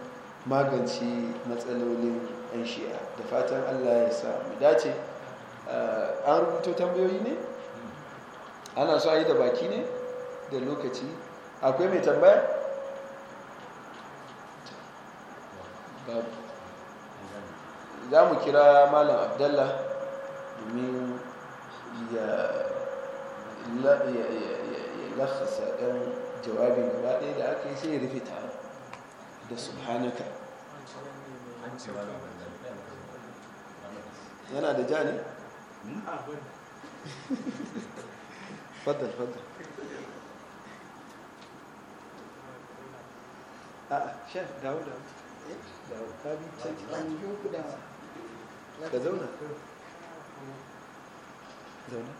magance matsalolin 'yan shi'a da fatan allah ya sa mu dace an rubuto tambayoyi ne ana so a yi da baki ne da lokaci akwai mai tambaya za mu kira malam abdallah domin ya لا يلخص جوابي جوابي لكن يصير في تعب سبحانك يا هذا جاني <laughs> فضل فضل آه شيخ داود داود داود داود داود داود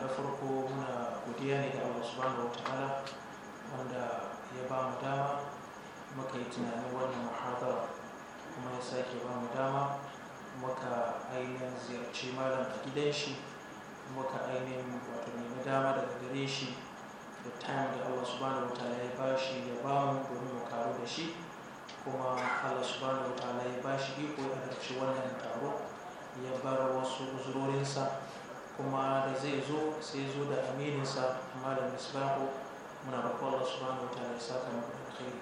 na farko muna godiya ne ga Allah subhanahu ta'ala wanda ya ba mu dama muka yi tunanin wannan muhadara kuma ya sake ba mu dama muka ainihin ziyarci malam a gidan shi muka ainihin wato nemi dama daga gare shi da time da Allah subhanahu ta'ala ya ba shi ya ba mu domin mu karu da shi kuma Allah subhanahu ta'ala ya ba shi iko ya halarci wannan taro ya bar wasu uzurorinsa kuma da zai zo sai zo da amininsa malam misbahu muna roƙo Allah subhanahu wa ta'ala ya saka mu da kai.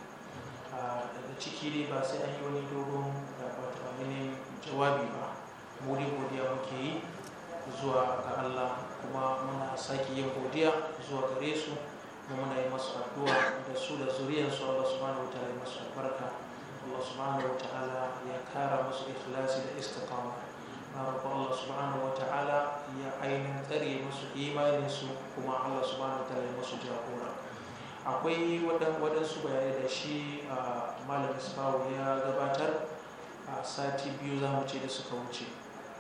a daga ciki dai ba sai an yi wani dogon wato aminin jawabi ba mu godiya muke yi zuwa ga Allah kuma muna saki yin godiya zuwa gare su kuma muna yi masu addu'a da su da su Allah subhanahu wa ta'ala ya masu albarka Allah subhanahu wa ta'ala ya kara musu ikhlasi da istiqama na Allah subhanahu wa ta'ala ya ainihin tsare musu su kuma Allah subhanahu wa ta'ala masu musu jagora akwai waɗansu bayanai da shi a malamin isfawu ya gabatar a sati biyu za mu ce da suka wuce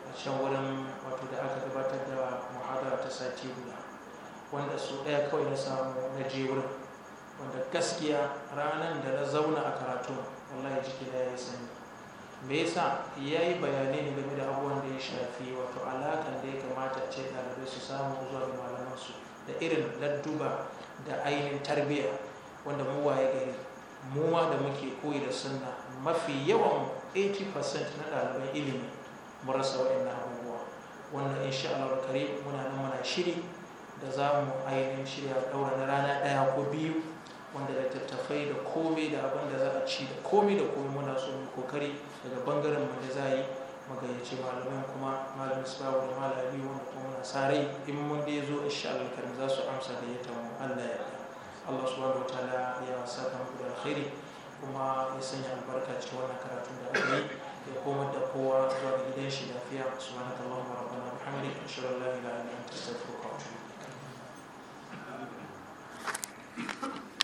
a can wurin wato da aka gabatar da muhadara ta sati guda wanda su ɗaya kawai na samu na je wurin wanda gaskiya ranar da na zauna a karatun wallahi da ya yi sanyi me yasa ya yi bayanai ne game da abubuwan da ya shafi wato alaƙar da ya kamata ce ɗalibai su samu zuwa ga malamansu da irin ladduba da ainihin tarbiyya wanda mu waye gari mu ma da muke koyi da sunna mafi yawan 80% na ɗaliban ilimi mu rasa waɗannan abubuwa wanda insha Allah karim muna nan muna shiri da za mu ainihin shirya ɗaura na rana ɗaya ko biyu wanda da tattafai da komai da abin da za a ci da komai da komai muna so mu kokari daga bangaren mu da zai yi magayyaci malaman kuma malam isbawa da malami wanda kuma muna sarai in mun da ya zo insha Allah karim za su amsa da gayyata mu Allah ya Allah subhanahu wa ta'ala ya saka mu da alkhairi kuma ya sanya albarka ci wannan karatu da ake yi ya komar da kowa zuwa ga gidan shi lafiya subhanaka wa rabbana bihamdika ashhadu an la ilaha illa anta astaghfiruka wa atubu ilaik